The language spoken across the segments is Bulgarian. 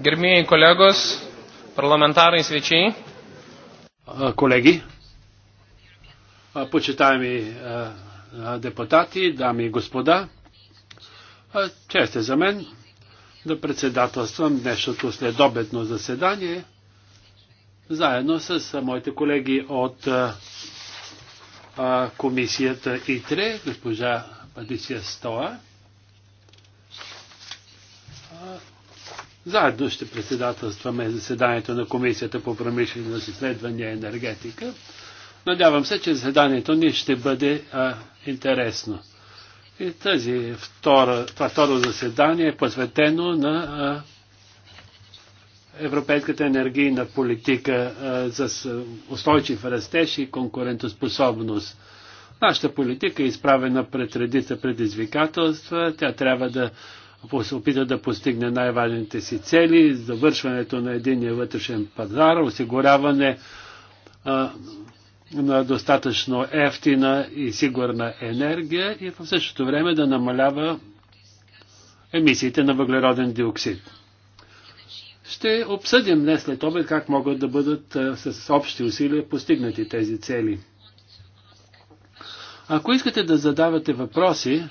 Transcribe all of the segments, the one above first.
Гърмиен колегос, парламентарни свечи. Колеги, почитаеми депутати, дами и господа, чест е за мен да председателствам днешното следобедно заседание заедно с моите колеги от комисията ИТРЕ, госпожа Патиция Стоа Заедно ще председателстваме заседанието на Комисията по промишлено изследване и енергетика. Надявам се, че заседанието ни ще бъде а, интересно. И тази втора, това второ заседание е посветено на а, европейската енергийна политика а, за устойчив растеж и конкурентоспособност. Нашата политика е изправена пред редица предизвикателства. Тя трябва да се опита да постигне най-важните си цели, завършването на единия вътрешен пазар, осигуряване а, на достатъчно ефтина и сигурна енергия и в същото време да намалява емисиите на въглероден диоксид. Ще обсъдим днес след обед как могат да бъдат а, с общи усилия постигнати тези цели. Ако искате да задавате въпроси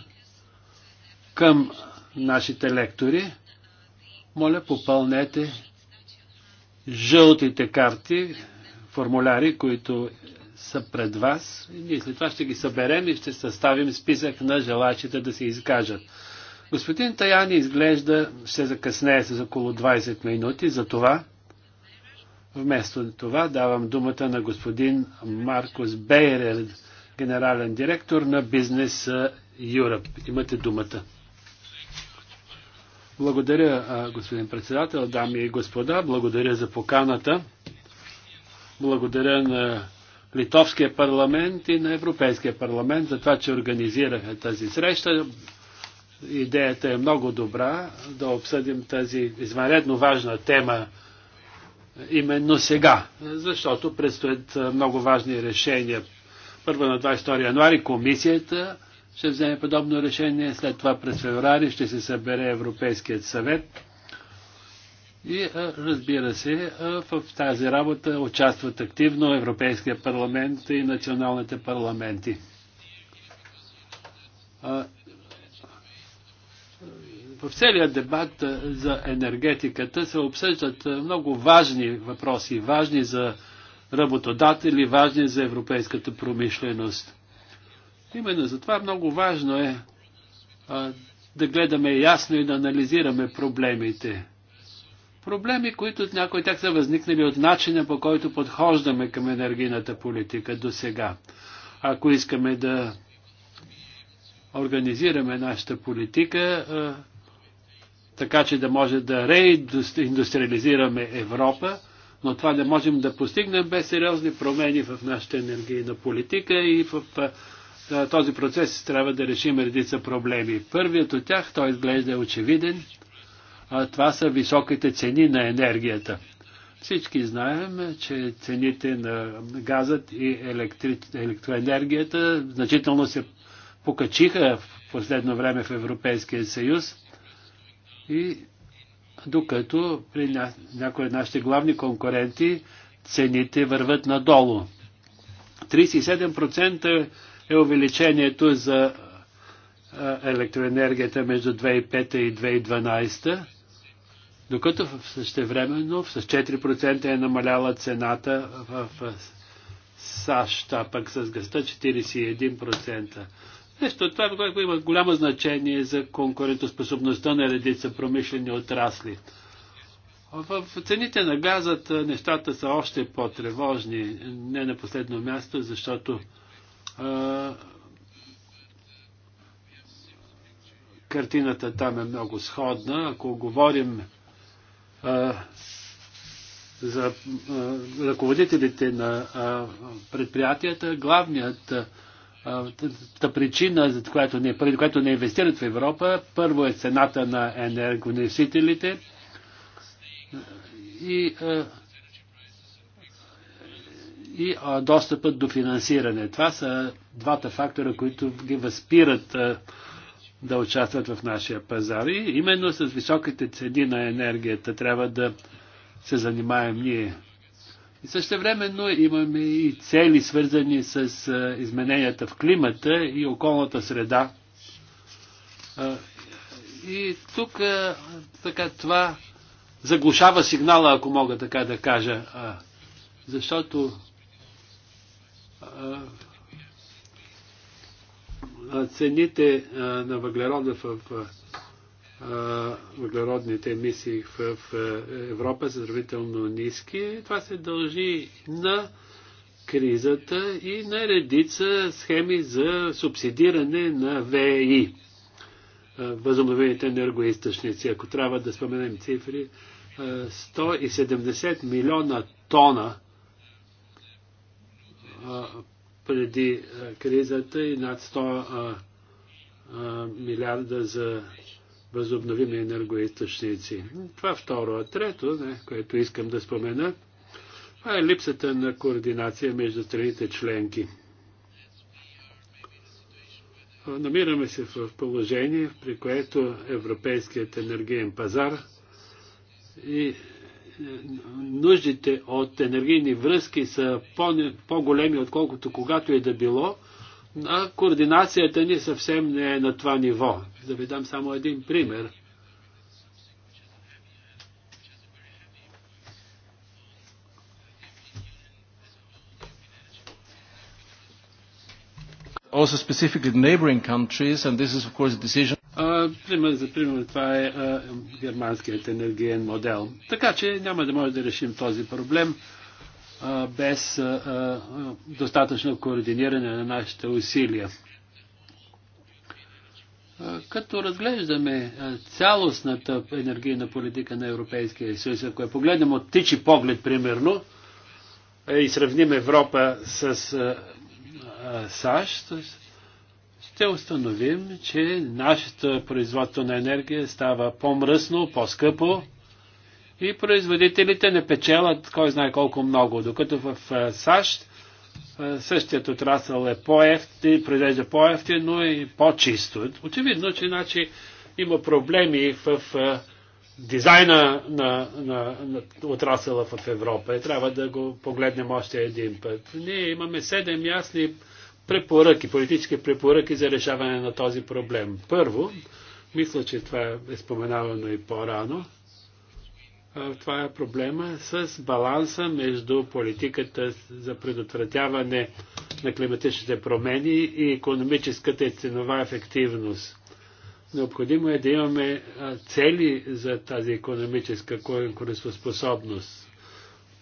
към нашите лектори. Моля, попълнете жълтите карти, формуляри, които са пред вас. И ние след това ще ги съберем и ще съставим списък на желачите да се изкажат. Господин Таяни изглежда ще закъснее с около 20 минути, затова вместо това давам думата на господин Маркос Бейрер, генерален директор на Бизнес Юрап. Имате думата. Благодаря, господин председател, дами и господа. Благодаря за поканата. Благодаря на Литовския парламент и на Европейския парламент за това, че организираха тази среща. Идеята е много добра да обсъдим тази извънредно важна тема именно сега, защото предстоят много важни решения. Първо на 22 януари комисията ще вземе подобно решение. След това през феврари ще се събере Европейският съвет. И разбира се, в тази работа участват активно Европейския парламент и националните парламенти. В целия дебат за енергетиката се обсъждат много важни въпроси, важни за работодатели, важни за европейската промишленост. Именно затова много важно е а, да гледаме ясно и да анализираме проблемите. Проблеми, които от някои тях са възникнали от начина по който подхождаме към енергийната политика до сега. Ако искаме да организираме нашата политика, а, така че да може да реиндустриализираме Европа, но това не можем да постигнем без сериозни промени в нашата енергийна политика и в е, този процес трябва да решим редица проблеми. Първият от тях, той изглежда очевиден, а това са високите цени на енергията. Всички знаем, че цените на газът и електри... електроенергията значително се покачиха в последно време в Европейския съюз и докато при ня... някои от нашите главни конкуренти цените върват надолу. 37% е увеличението за електроенергията между 2005 и 2012, докато в същевременно с 4% е намаляла цената в САЩ, а пък с гъста 41%. Нещо това което има голямо значение за конкурентоспособността на редица промишлени отрасли. В цените на газът нещата са още по-тревожни, не на последно място, защото Картината там е много сходна. Ако говорим за ръководителите на предприятията, главният Та причина, за която не, поради която не инвестират в Европа, първо е цената на енергоносителите и а, и достъпът до финансиране. Това са двата фактора, които ги възпират да участват в нашия пазар. И именно с високите цени на енергията трябва да се занимаем ние. И също времено имаме и цели, свързани с измененията в климата и околната среда. И тук така, това заглушава сигнала, ако мога така да кажа. Защото цените на въглерода в въглеродните емисии в Европа са сравнително ниски. Това се дължи на кризата и на редица схеми за субсидиране на ВЕИ, възобновените енергоисточници. Ако трябва да споменем цифри, 170 милиона тона преди кризата и над 100 милиарда за възобновими енергоисточници. Това второ. А трето, не, което искам да спомена, това е липсата на координация между страните членки. Намираме се в положение, при което европейският енергиен пазар и нуждите от енергийни връзки са по-големи, по отколкото когато е да било, а координацията ни съвсем не е на това ниво. Да ви дам само един пример. Also specifically neighboring countries, and this is of course a decision Пример, за пример това е а, германският енергиен модел. Така че няма да може да решим този проблем а, без а, а, достатъчно координиране на нашите усилия. А, като разглеждаме цялостната енергийна политика на Европейския съюз, ако я погледнем от тичи поглед, примерно, е, и сравним Европа с САЩ, ще установим, че нашето производство на енергия става по-мръсно, по-скъпо и производителите не печелят кой знае колко много, докато в САЩ същият отрасъл е по ефти произвежда по ефти но и по-чисто. Очевидно, че значи, има проблеми в дизайна на, на, на отрасъла в Европа и трябва да го погледнем още един път. Ние имаме седем ясни препоръки, политически препоръки за решаване на този проблем. Първо, мисля, че това е споменавано и по-рано, това е проблема с баланса между политиката за предотвратяване на климатичните промени и економическата и ценова ефективност. Необходимо е да имаме цели за тази економическа конкурентоспособност.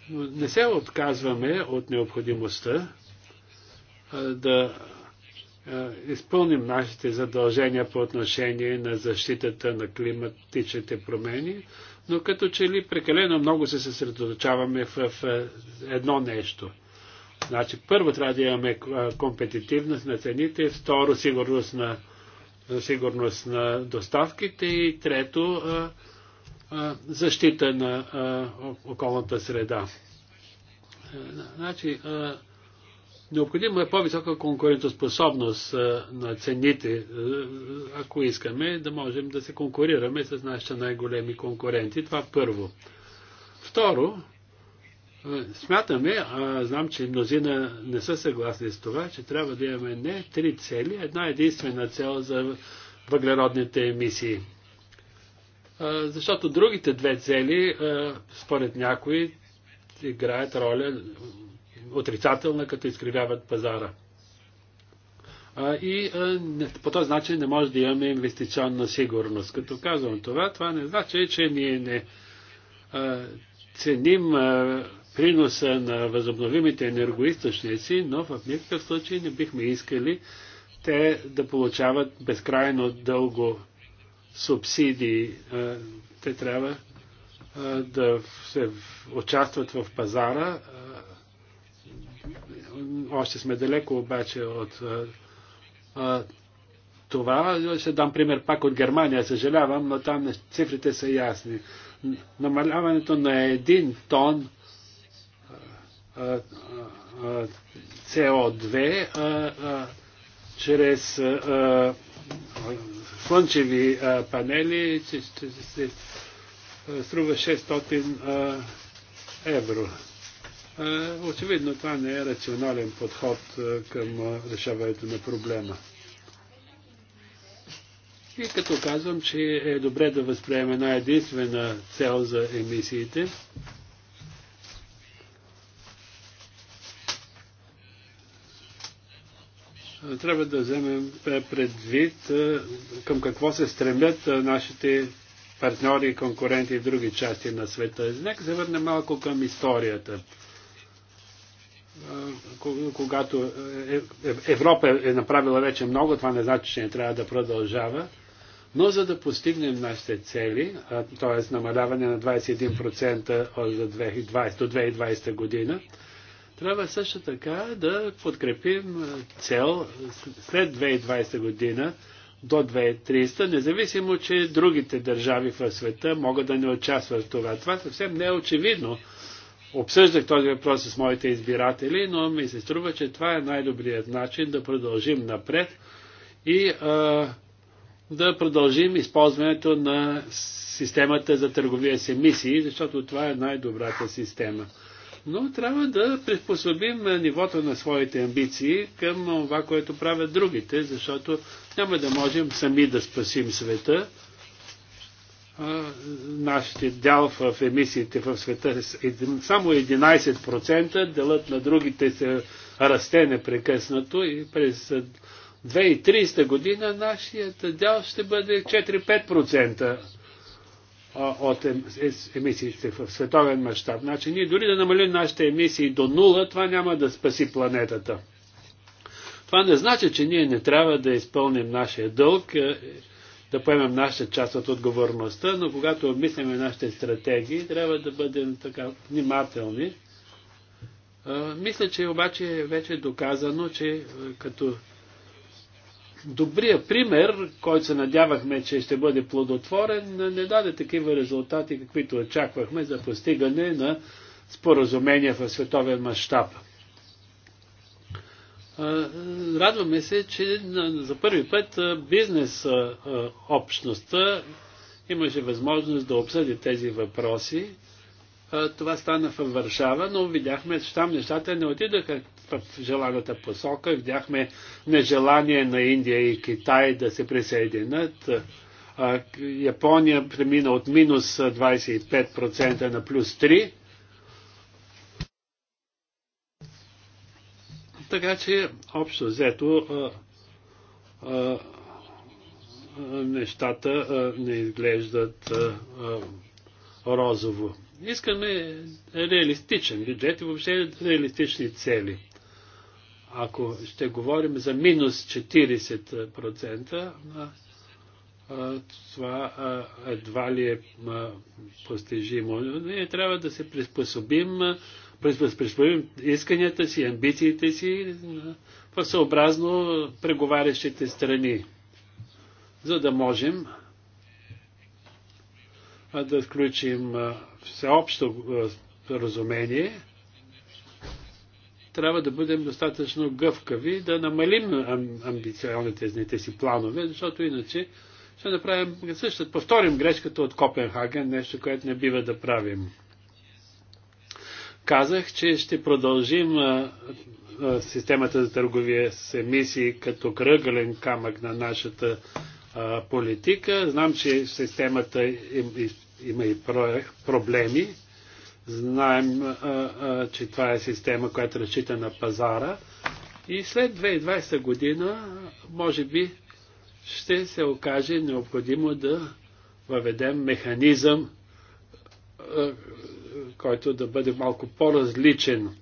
Не се отказваме от необходимостта да изпълним нашите задължения по отношение на защитата на климатичните промени, но като че ли прекалено много се съсредоточаваме в едно нещо. Значи, първо трябва да имаме компетитивност на цените, второ сигурност на, сигурност на доставките и трето защита на околната среда. Значи, Необходима е по-висока конкурентоспособност е, на цените, е, ако искаме да можем да се конкурираме с нашите най-големи конкуренти. Това първо. Второ, е, смятаме, а знам, че мнозина не са съгласни с това, че трябва да имаме не три цели, една единствена цел за въглеродните емисии. Защото другите две цели, според някои, играят роля отрицателна, като изкривяват пазара. И по този начин не може да имаме инвестиционна сигурност. Като казвам това, това не значи, че ние не ценим приноса на възобновимите енергоисточници, но в никакъв случай не бихме искали те да получават безкрайно дълго субсидии. Те трябва да се участват в пазара, още сме далеко обаче от а, това. Ще дам пример пак от Германия, съжалявам, но там цифрите са ясни. Намаляването на един тон а, а, CO2 чрез слънчеви панели се струва 600 евро. Е, очевидно това не е рационален подход е, към е, решаването на проблема. И като казвам, че е добре да възприемем една единствена цел за емисиите, трябва да вземем предвид към какво се стремят нашите партньори, конкуренти и други части на света. Нека се върнем малко към историята когато е, е, Европа е направила вече много, това не значи, че не трябва да продължава, но за да постигнем нашите цели, т.е. намаляване на 21% от 2020 до 2020 година, трябва също така да подкрепим цел след 2020 година до 2300, независимо, че другите държави в света могат да не участват в това. Това съвсем не е очевидно Обсъждах този въпрос с моите избиратели, но ми се струва, че това е най-добрият начин да продължим напред и а, да продължим използването на системата за търговия с емисии, защото това е най-добрата система. Но трябва да приспособим нивото на своите амбиции към това, което правят другите, защото няма да можем сами да спасим света нашите дял в емисиите в света е само 11%, делът на другите се расте непрекъснато и през 2030 година нашият дял ще бъде 4-5% от емисиите в световен мащаб. Значи ние дори да намалим нашите емисии до нула, това няма да спаси планетата. Това не значи, че ние не трябва да изпълним нашия дълг е, да поемем нашата част от отговорността, но когато обмисляме нашите стратегии, трябва да бъдем така внимателни. Мисля, че обаче е вече е доказано, че като добрия пример, който се надявахме, че ще бъде плодотворен, не даде такива резултати, каквито очаквахме за постигане на споразумения в световен мащаб. Радваме се, че за първи път бизнес общността имаше възможност да обсъди тези въпроси. Това стана в Варшава, но видяхме, че там нещата не отидаха в желаната посока. Видяхме нежелание на Индия и Китай да се присъединят. Япония премина от минус 25% на плюс 3%. Така че, общо взето, а, а, нещата а, не изглеждат а, а, розово. Искаме реалистичен бюджет и въобще реалистични цели. Ако ще говорим за минус 40%, а, а, това а, едва ли е а, постижимо. Ние трябва да се приспособим. А, преисполним исканията си, амбициите си в съобразно преговарящите страни, за да можем да включим всеобщо разумение, трябва да бъдем достатъчно гъвкави, да намалим амбиционните си планове, защото иначе ще направим същата, повторим грешката от Копенхаген, нещо, което не бива да правим казах, че ще продължим а, а, системата за търговия с емисии като кръгълен камък на нашата а, политика. Знам, че системата им, и, има и про, проблеми. Знаем, а, а, че това е система, която разчита на пазара. И след 2020 година, може би, ще се окаже необходимо да въведем механизъм който да бъде малко по-различен.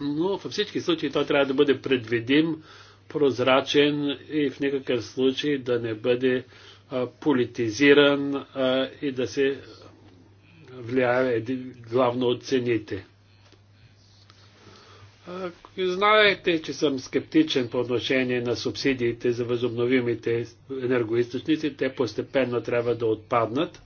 Но във всички случаи той трябва да бъде предвидим, прозрачен и в никакъв случай да не бъде а, политизиран а, и да се влияе главно от цените. Знаете, че съм скептичен по отношение на субсидиите за възобновимите енергоисточници. Те постепенно трябва да отпаднат.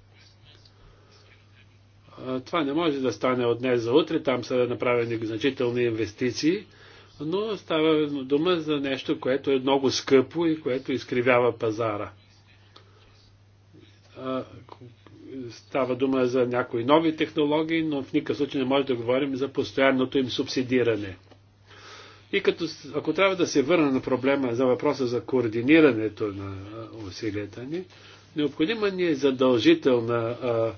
Това не може да стане от днес за утре, там са направени значителни инвестиции, но става дума за нещо, което е много скъпо и което изкривява пазара. Става дума за някои нови технологии, но в никакъв случай не може да говорим за постоянното им субсидиране. И като, ако трябва да се върна на проблема за въпроса за координирането на усилията ни, необходима ни е задължителна а,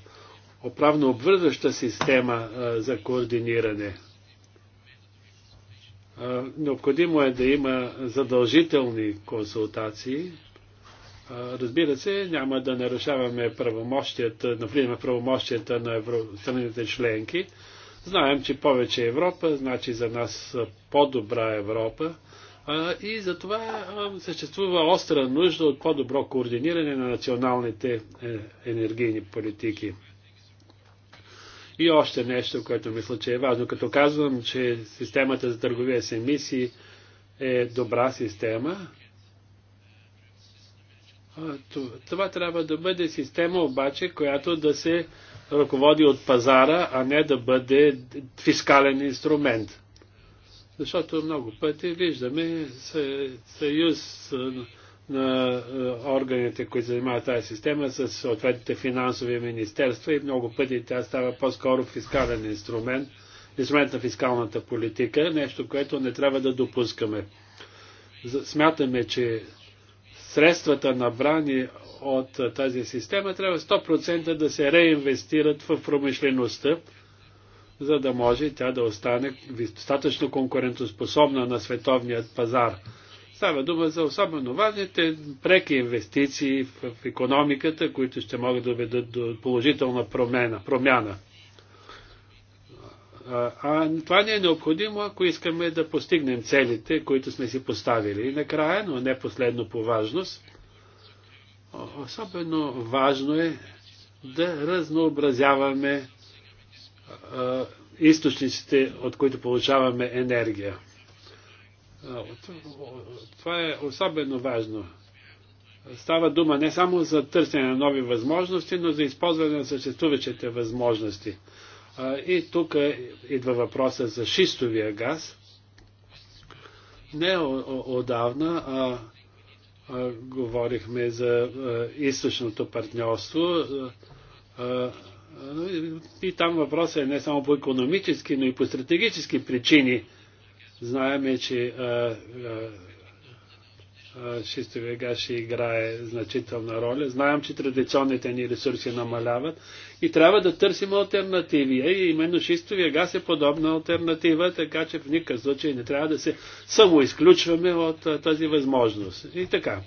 оправно обвързваща система за координиране. Необходимо е да има задължителни консултации. Разбира се, няма да нарушаваме правомощията, навлизаме правомощията на страните членки. Знаем, че повече Европа значи за нас по-добра Европа и затова съществува остра нужда от по-добро координиране на националните е, енергийни политики. И още нещо, което мисля, че е важно. Като казвам, че системата за търговия с емисии е добра система, това трябва да бъде система обаче, която да се ръководи от пазара, а не да бъде фискален инструмент. Защото много пъти виждаме съюз на е, органите, които занимават тази система, с съответните финансови министерства и много пъти тя става по-скоро фискален инструмент, инструмент на фискалната политика, нещо, което не трябва да допускаме. Смятаме, че средствата набрани от е, тази система трябва 100% да се реинвестират в промишлеността, за да може тя да остане достатъчно конкурентоспособна на световният пазар Става дума за особено важните преки инвестиции в економиката, които ще могат да ведат до положителна промена. промяна. А, а това не е необходимо, ако искаме да постигнем целите, които сме си поставили. И накрая, но не последно по важност, особено важно е да разнообразяваме а, източниците, от които получаваме енергия. Това е особено важно. Става дума не само за търсене на нови възможности, но за използване на съществуващите възможности. И тук е, идва въпроса за шистовия газ. Не отдавна а, а, говорихме за а, източното партньорство. А, и там въпросът е не само по економически, но и по стратегически причини Знаеме, че шистовия газ ще играе значителна роля. Знаем, че традиционните ни ресурси намаляват и трябва да търсим альтернативи. И е, именно шистовия газ е подобна альтернатива, така че в никакъв случай не трябва да се самоизключваме от тази възможност. И така,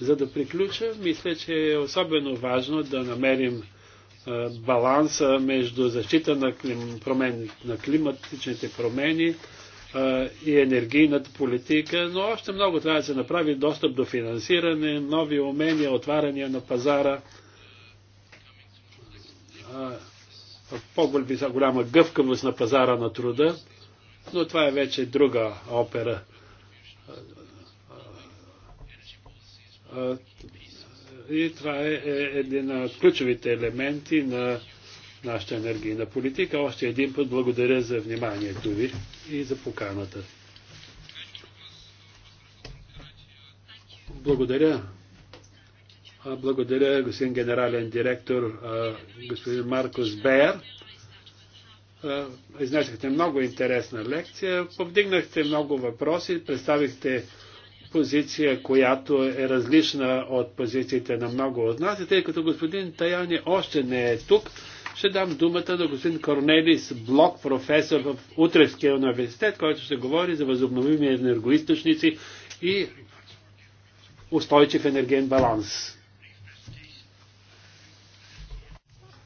за да приключа, мисля, че е особено важно да намерим баланса между защита на, клим, промен, на климатичните промени, и енергийната политика, но още много трябва да се направи достъп до финансиране, нови умения, отваряния на пазара, по-голяма гъвкавост на пазара на труда, но това е вече друга опера. И това е, е един от ключовите елементи на нашата енергийна политика. Още един път благодаря за вниманието ви и за поканата. Благодаря. Благодаря, господин генерален директор, господин Маркос Беер. Изнесахте много интересна лекция, повдигнахте много въпроси, представихте позиция, която е различна от позициите на много от нас. И тъй като господин Таяни още не е тук, ще дам думата на господин Корнелис Блок, професор в Утревския университет, който ще говори за възобновими енергоисточници и устойчив енерген баланс.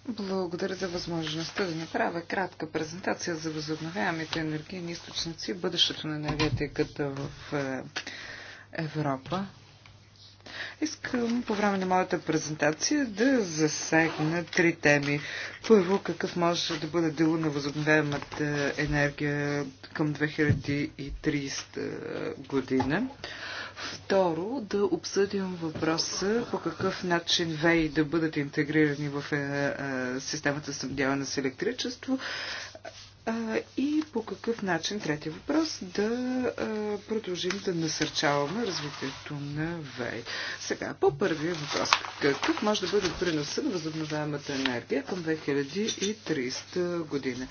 Благодаря за възможността да направя кратка презентация за възобновяемите енергийни източници и бъдещето на енергетиката в е, Европа. Искам по време на моята презентация да засегна три теми. Първо, какъв може да бъде дело на възобновяемата енергия към 2030 година. Второ, да обсъдим въпроса по какъв начин ВЕИ да бъдат интегрирани в е, е, системата съмдяване с електричество и по какъв начин, третия въпрос, да продължим да насърчаваме развитието на ВЕЙ. Сега, по първия въпрос. Какъв може да бъде приноса на възобновяемата енергия към 2030 година?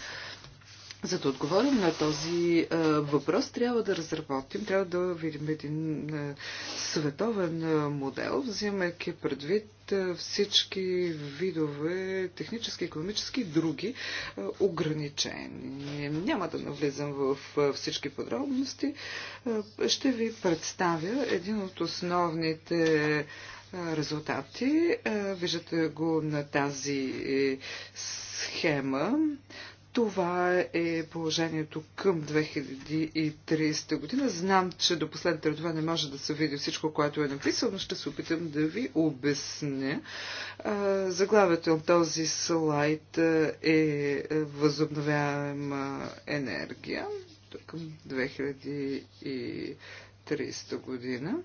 За да отговорим на този а, въпрос, трябва да разработим, трябва да видим един а, световен а, модел, взимайки предвид а, всички видове, технически, економически и други а, ограничения. Няма да навлизам в а, всички подробности. А, ще ви представя един от основните резултати. Виждате го на тази е, схема. Това е положението към 2030 година. Знам, че до последните редове не може да се види всичко, което е написано, но ще се опитам да ви обясня. Заглавието на този слайд е възобновяема енергия към 2030 година.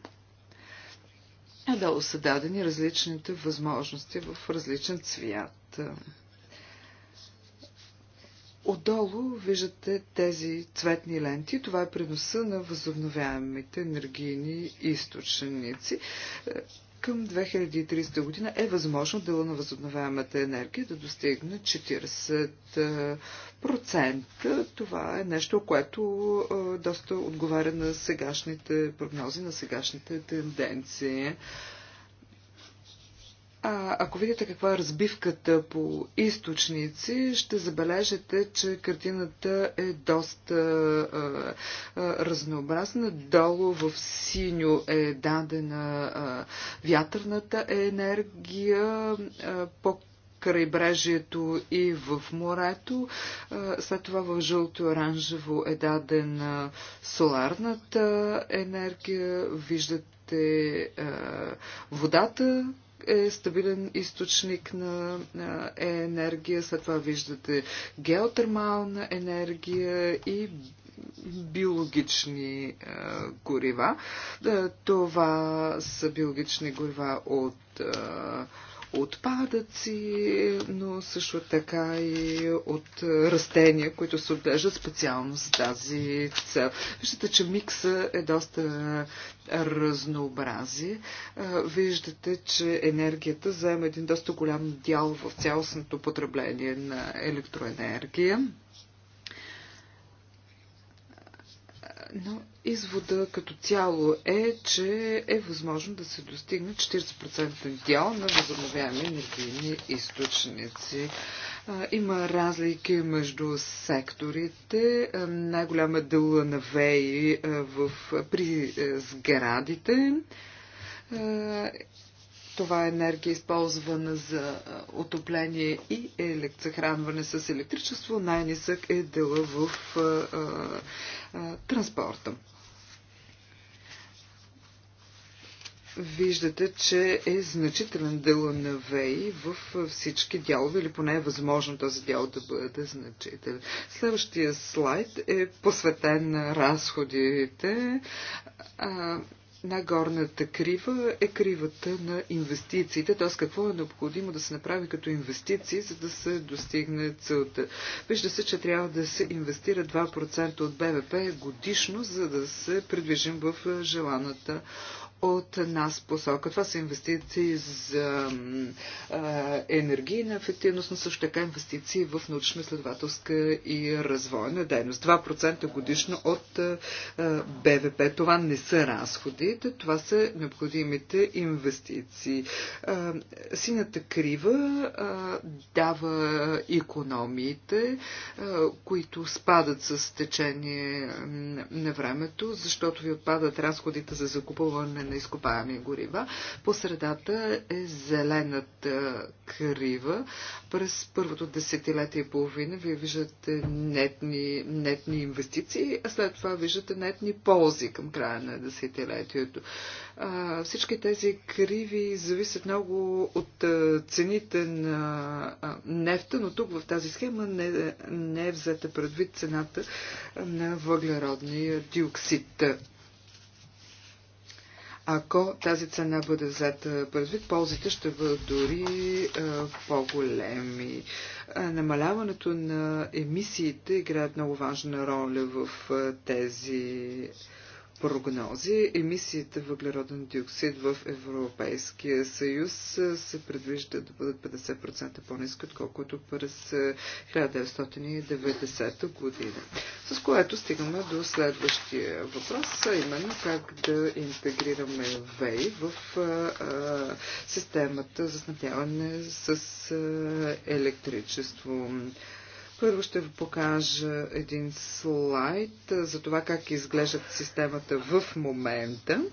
Надолу са дадени различните възможности в различен цвят. Отдолу виждате тези цветни ленти. Това е преноса на възобновяемите енергийни източници. Е, към 2030 година е възможно дела на възобновяемата енергия да достигне 40%. Това е нещо, което е, доста отговаря на сегашните прогнози, на сегашните тенденции. А, ако видите каква е разбивката по източници, ще забележите, че картината е доста а, а, разнообразна. Долу в синьо е дадена а, вятърната енергия, а, по крайбрежието и в морето. След това в жълто-оранжево е дадена соларната енергия. Виждате водата, е стабилен източник на енергия. След това виждате геотермална енергия и биологични е, горива. Е, това са биологични горива от е, отпадъци, но също така и от растения, които се отглеждат специално за тази цел. Виждате, че микса е доста разнообразие. Виждате, че енергията заема един доста голям дял в цялостното потребление на електроенергия. Но извода като цяло е, че е възможно да се достигне 40% дял на възобновяеми енергийни източници. Има разлики между секторите. Най-голяма е дела на ВЕИ в, при сградите това е енергия използвана за отопление и електрохранване с електричество. Най-нисък е дела в транспорта. виждате, че е значителен дел на ВЕИ в всички дялове, или поне е възможно този дял да бъде значителен. Следващия слайд е посветен на разходите най-горната крива е кривата на инвестициите, т.е. какво е необходимо да се направи като инвестиции, за да се достигне целта. Вижда се, че трябва да се инвестира 2% от БВП годишно, за да се придвижим в желаната от нас посока. Това са инвестиции за енергийна ефективност, но също така инвестиции в научно-изследователска и развойна дейност. 2% годишно от БВП. Това не са разходите, това са необходимите инвестиции. Синята крива дава економиите, които спадат с течение на времето, защото ви отпадат разходите за закупуване на изкопаеми горива. По средата е зелената крива. През първото десетилетие и половина вие виждате нетни, нетни инвестиции, а след това виждате нетни ползи към края на десетилетието. А, всички тези криви зависят много от а, цените на а, нефта, но тук в тази схема не, не е взета предвид цената на въглеродния диоксид. Ако тази цена бъде взета предвид, ползите ще бъдат дори е, по-големи. Е, намаляването на емисиите играят много важна роля в е, тези прогнози, емисиите въглероден диоксид в Европейския съюз се предвижда да бъдат 50% по-низки, отколкото през 1990 година. С което стигаме до следващия въпрос, а именно как да интегрираме ВЕИ в а, системата за снабдяване с а, електричество. Първо ще ви покажа един слайд за това как изглеждат системата в момента.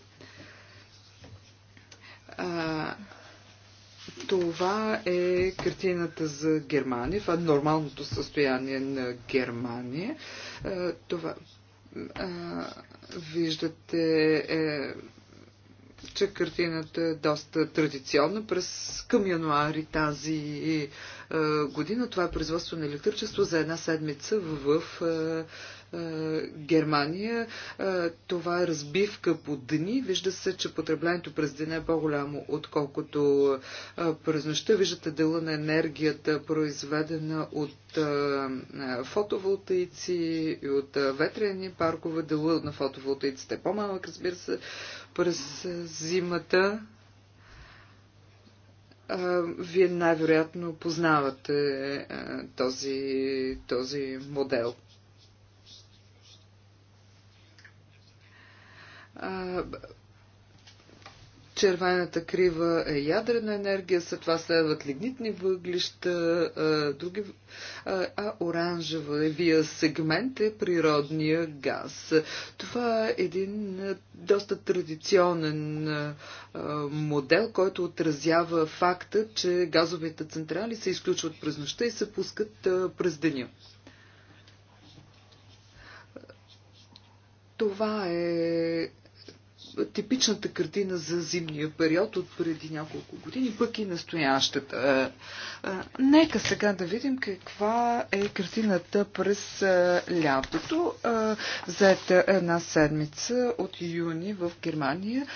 А, това е картината за Германия. Това е нормалното състояние на Германия. А, това а, виждате е, че картината е доста традиционна. През към януари тази е, е година това е производство на електричество за една седмица в е, е, Германия. Е, това е разбивка по дни. Вижда се, че потреблението през деня е по-голямо, отколкото е, през нощта. Виждате дела на енергията, произведена от е, е фотоволтаици и от е, ветрени паркове. Дела на фотоволтаиците е по-малък, разбира се през зимата. Вие най-вероятно познавате този, този модел червената крива е ядрена енергия, след това следват лигнитни въглища, други, а оранжевия сегмент е природния газ. Това е един доста традиционен модел, който отразява факта, че газовите централи се изключват през нощта и се пускат през деня. Това е типичната картина за зимния период от преди няколко години, пък и настоящата. Е, е, нека сега да видим каква е картината през е, лятото. Заета една седмица от юни в Германия.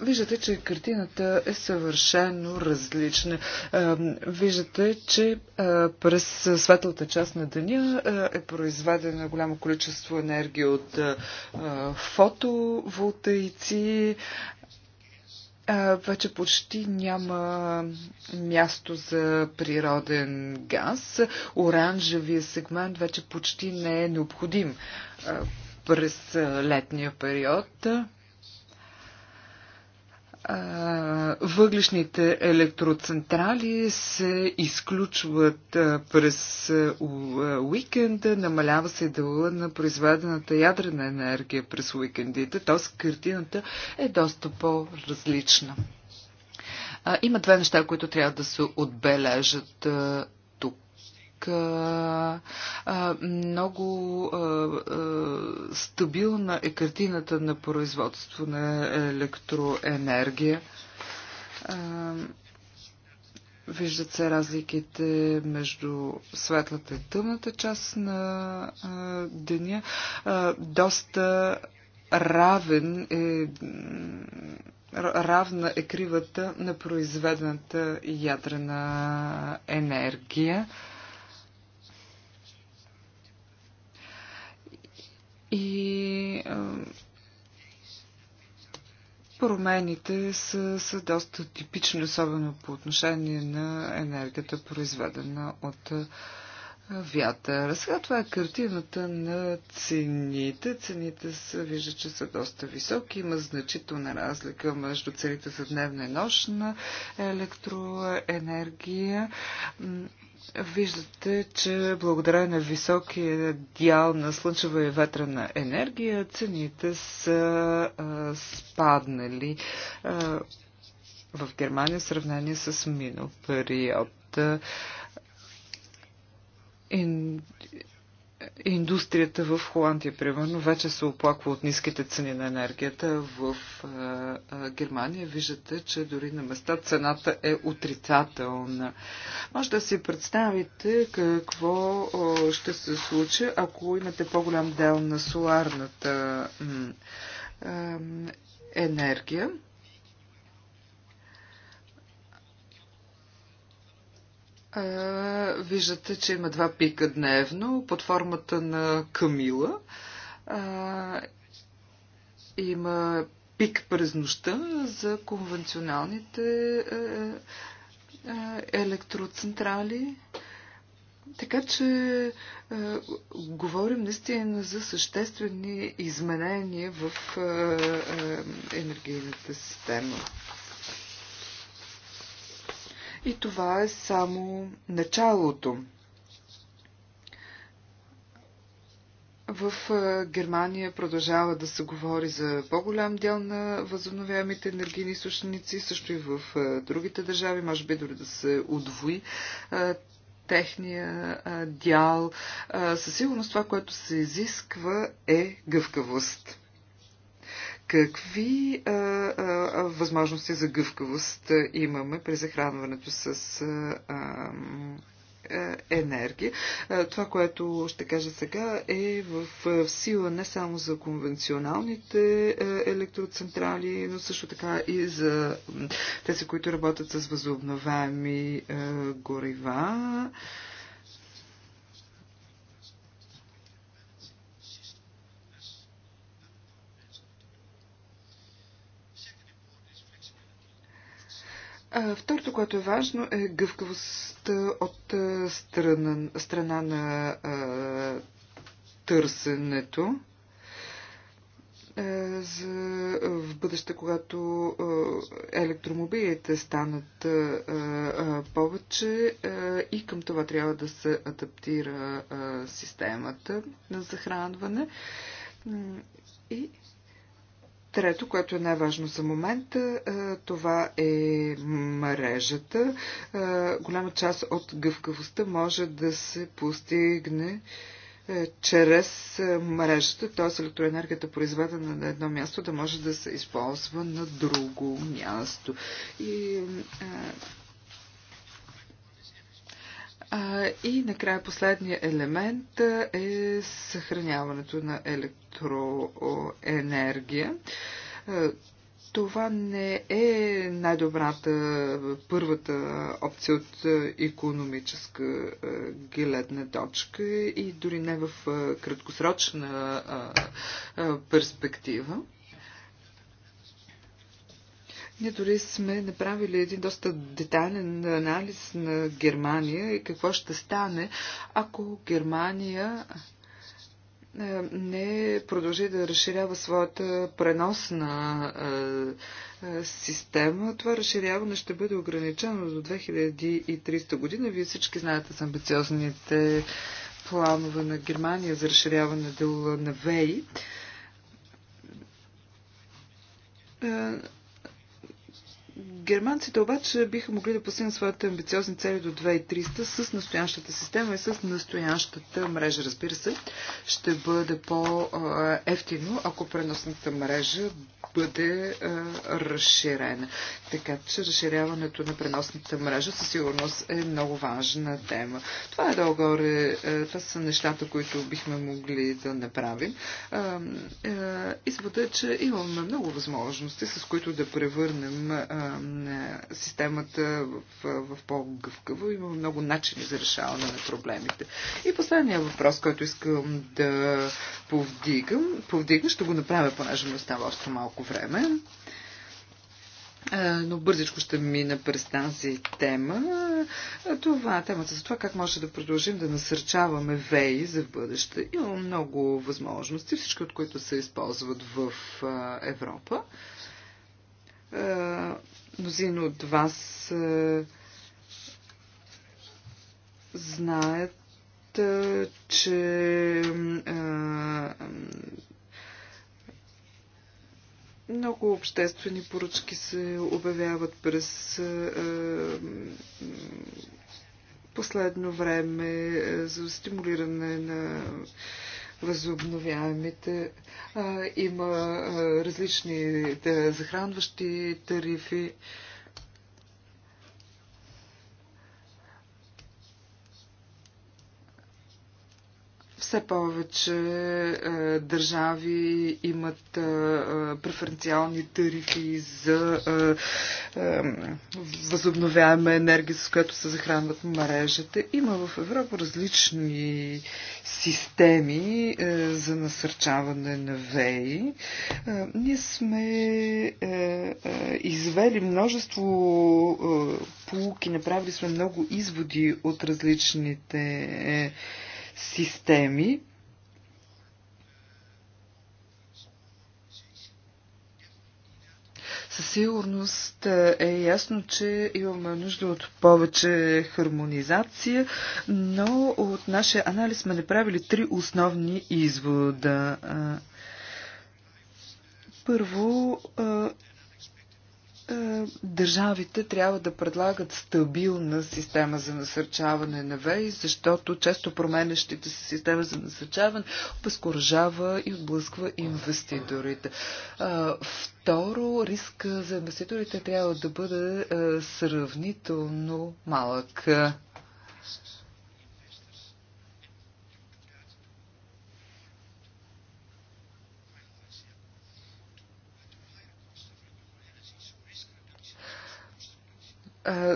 Виждате, че картината е съвършено различна. Виждате, че през светлата част на деня е произведена голямо количество енергия от фотоволтаици институции вече почти няма място за природен газ. Оранжевия сегмент вече почти не е необходим през летния период въглишните електроцентрали се изключват през уикенда, намалява се дела на произведената ядрена енергия през уикендите, т.е. картината е доста по-различна. Има две неща, които трябва да се отбележат много стабилна е картината на производство на електроенергия. Виждат се разликите между светлата и тъмната част на деня. Доста равен е, равна е кривата на произведената ядрена енергия. и промените са, са доста типични, особено по отношение на енергията, произведена от вятър. Сега това е картината на цените. Цените се вижда, че са доста високи. Има значителна разлика между цените за дневна и нощна електроенергия. Виждате, че благодарение на високия дял на слънчева и ветрена енергия, цените са а, спаднали а, в Германия в сравнение с минал период. Индустрията в Холандия, примерно, вече се оплаква от ниските цени на енергията. В а, а, Германия виждате, че дори на места цената е отрицателна. Може да си представите какво а, ще се случи, ако имате по-голям дел на соларната а, енергия. виждате, че има два пика дневно под формата на камила. има пик през нощта за конвенционалните електроцентрали. Така че говорим наистина за съществени изменения в енергийната система. И това е само началото. В е, Германия продължава да се говори за по-голям дел на възобновяемите енергийни източници, също и в е, другите държави, може би дори да се удвои е, техния дял. Със сигурност това, което се изисква е гъвкавост. Какви а, а, възможности за гъвкавост имаме при захранването с а, а, енергия. Това, което ще кажа сега е в, в сила не само за конвенционалните електроцентрали, но също така и за тези, които работят с възобновяеми горива. Второто, което е важно, е гъвкавостта от страна, страна на а, търсенето за в бъдеще, когато електромобилите станат повече и към това трябва да се адаптира системата на захранване. И Трето, което е най-важно за момента, е, това е мрежата. Е, голяма част от гъвкавостта може да се постигне е, чрез мрежата, т.е. електроенергията, произведена на едно място, да може да се използва на друго място. И и накрая последния елемент е съхраняването на електроенергия. Това не е най-добрата първата опция от економическа гледна точка и дори не в краткосрочна перспектива. Ние дори сме направили един доста детайлен анализ на Германия и какво ще стане, ако Германия е, не продължи да разширява своята преносна е, е, система. Това разширяване ще бъде ограничено до 2300 година. Вие всички знаете за амбициозните планове на Германия за разширяване дела на ВЕИ. Германците обаче биха могли да постигнат своите амбициозни цели до 2300 с настоящата система и с настоящата мрежа. Разбира се, ще бъде по-ефтино, ако преносната мрежа бъде а, е, разширена. Така че разширяването на преносната мрежа със сигурност е много важна тема. Това е долу-горе, е, това са нещата, които бихме могли да направим. Е, Извода е, че имаме много възможности, с които да превърнем а, системата в, в по-гъвкаво. Има много начини за решаване на проблемите. И последния въпрос, който искам да повдигам, повдигна, ще го направя, понеже ми остава още малко време. Е, но бързичко ще мина през тази тема. Е, това е темата за това как може да продължим да насърчаваме ВЕИ за в бъдеще. Има много възможности, всички от които се използват в е, Европа Мнозина от вас е, знаят, е, че е, много обществени поръчки се обявяват през е, последно време е, за стимулиране на възобновяемите. Има различни захранващи тарифи. Все повече е, държави имат е, преференциални тарифи за е, е, възобновяема енергия, с която се захранват мрежата. Има в Европа различни системи е, за насърчаване на ВЕИ. Е, ние сме е, е, извели множество е, полуки, направили сме много изводи от различните е, системи, Със сигурност е, е ясно, че имаме нужда от повече хармонизация, но от нашия анализ сме направили три основни извода. Е, първо, е, е, държавите трябва да предлагат стабилна система за насърчаване на ВЕИ, защото често променящите се система за насърчаване обезкуражава и отблъсква инвеститорите. Е, второ, риска за инвеститорите трябва да бъде е, сравнително малък.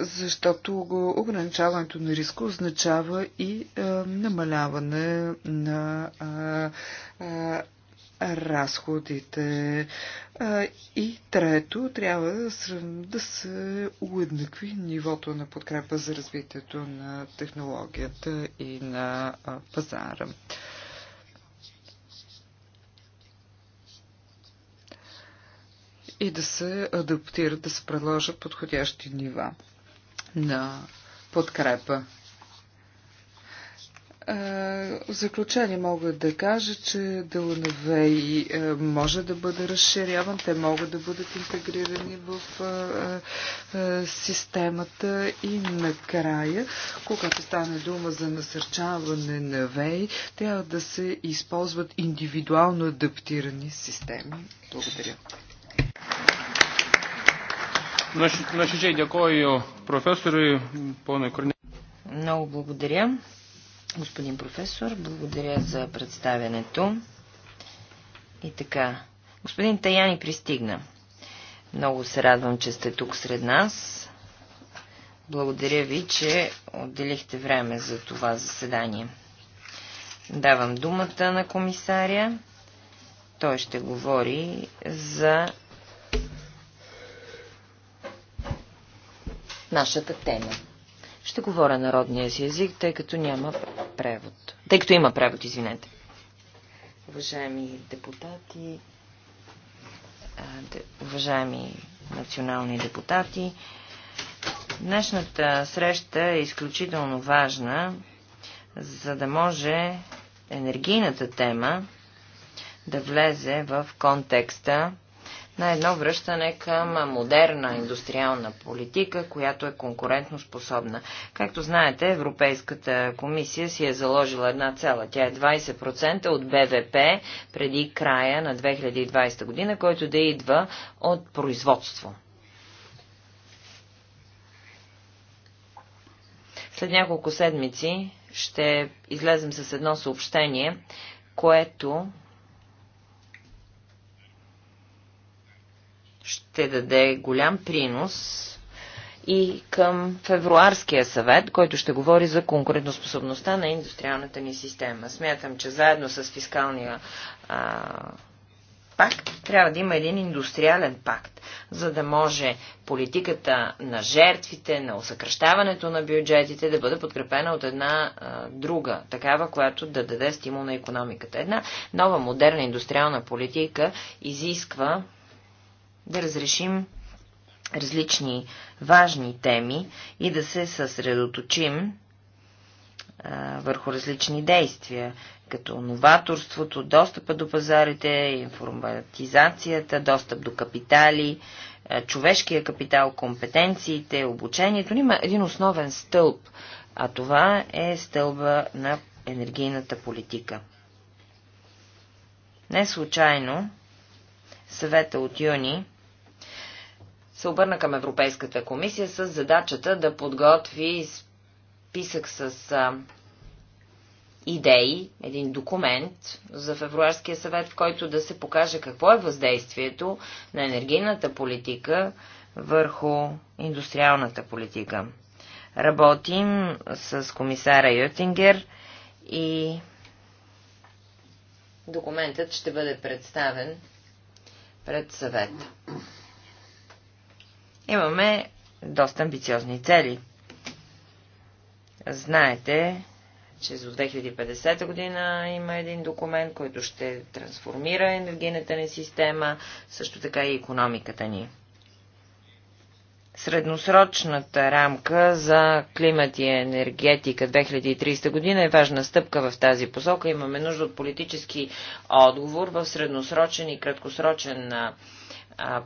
защото ограничаването на риска означава и намаляване на разходите. И трето, трябва да се уеднакви нивото на подкрепа за развитието на технологията и на пазара. и да се адаптират, да се предложат подходящи нива на подкрепа. Е, в заключение мога да кажа, че Деланавей е, може да бъде разширяван, те могат да бъдат интегрирани в е, системата и накрая, когато стане дума за насърчаване на ВЕИ, трябва да се използват индивидуално адаптирани системи. Благодаря дякую Много благодаря, господин професор. Благодаря за представянето. И така, господин Таяни пристигна. Много се радвам, че сте тук сред нас. Благодаря ви, че отделихте време за това заседание. Давам думата на комисаря. Той ще говори за нашата тема. Ще говоря народния си език, тъй като няма превод. Тъй като има превод, извинете. Уважаеми депутати, уважаеми национални депутати, днешната среща е изключително важна, за да може енергийната тема да влезе в контекста на едно връщане към модерна индустриална политика, която е конкурентно способна. Както знаете, Европейската комисия си е заложила една цела. Тя е 20% от БВП преди края на 2020 година, който да идва от производство. След няколко седмици ще излезем с едно съобщение, което ще даде голям принос и към февруарския съвет, който ще говори за конкурентоспособността на индустриалната ни система. Смятам, че заедно с фискалния а, пакт трябва да има един индустриален пакт, за да може политиката на жертвите, на усъкръщаването на бюджетите да бъде подкрепена от една а, друга, такава, която да даде стимул на економиката. Една нова модерна индустриална политика изисква да разрешим различни важни теми и да се съсредоточим а, върху различни действия, като новаторството, достъпа до пазарите, информатизацията, достъп до капитали, а, човешкия капитал, компетенциите, обучението. Има един основен стълб, а това е стълба на енергийната политика. Не случайно съвета от юни се обърна към Европейската комисия с задачата да подготви списък с а, идеи, един документ за февруарския съвет, в който да се покаже какво е въздействието на енергийната политика върху индустриалната политика. Работим с комисара Йотингер и документът ще бъде представен пред съвета. Имаме доста амбициозни цели. Знаете, че за 2050 година има един документ, който ще трансформира енергийната ни система, също така и економиката ни. Средносрочната рамка за климат и енергетика 2030 година е важна стъпка в тази посока. Имаме нужда от политически отговор в средносрочен и краткосрочен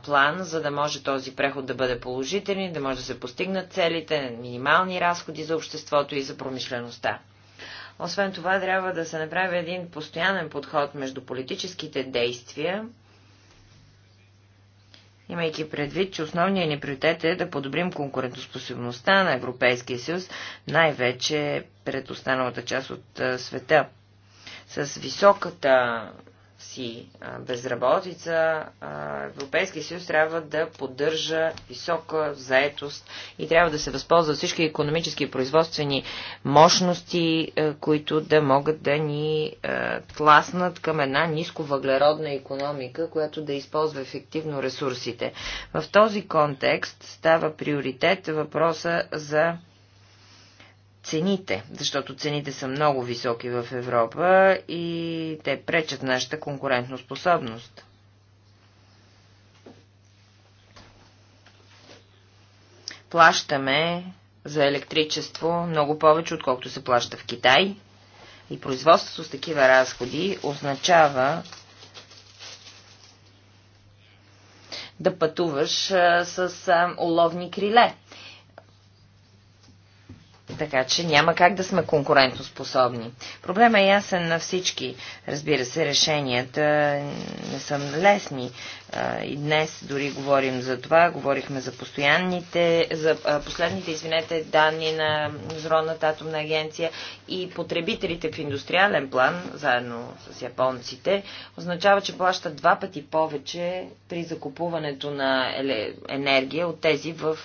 план, за да може този преход да бъде положителен, да може да се постигнат целите, минимални разходи за обществото и за промишлеността. Освен това, трябва да се направи един постоянен подход между политическите действия, имайки предвид, че основният ни приоритет е да подобрим конкурентоспособността на Европейския съюз, най-вече пред останалата част от света. С високата си безработица, Европейския съюз трябва да поддържа висока заетост и трябва да се възползва всички економически и производствени мощности, които да могат да ни тласнат към една ниско въглеродна економика, която да използва ефективно ресурсите. В този контекст става приоритет въпроса за цените, защото цените са много високи в Европа и те пречат нашата конкурентноспособност. Плащаме за електричество много повече, отколкото се плаща в Китай. И производството с такива разходи означава да пътуваш с уловни криле така че няма как да сме конкурентоспособни. Проблема е ясен на всички. Разбира се, решенията не са лесни. И днес дори говорим за това. Говорихме за постоянните, за последните, извинете, данни на Международната атомна агенция и потребителите в индустриален план, заедно с японците, означава, че плащат два пъти повече при закупуването на енергия от тези в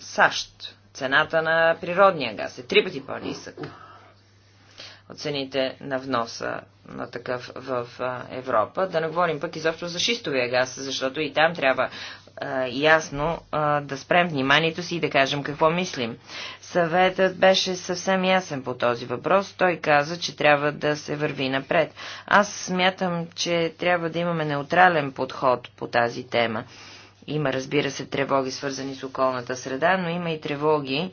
САЩ. Цената на природния газ е три пъти по-нисък от цените на вноса на такъв в Европа. Да не говорим пък изобщо за шистовия газ, защото и там трябва а, ясно а, да спрем вниманието си и да кажем какво мислим. Съветът беше съвсем ясен по този въпрос. Той каза, че трябва да се върви напред. Аз смятам, че трябва да имаме неутрален подход по тази тема. Има, разбира се, тревоги свързани с околната среда, но има и тревоги,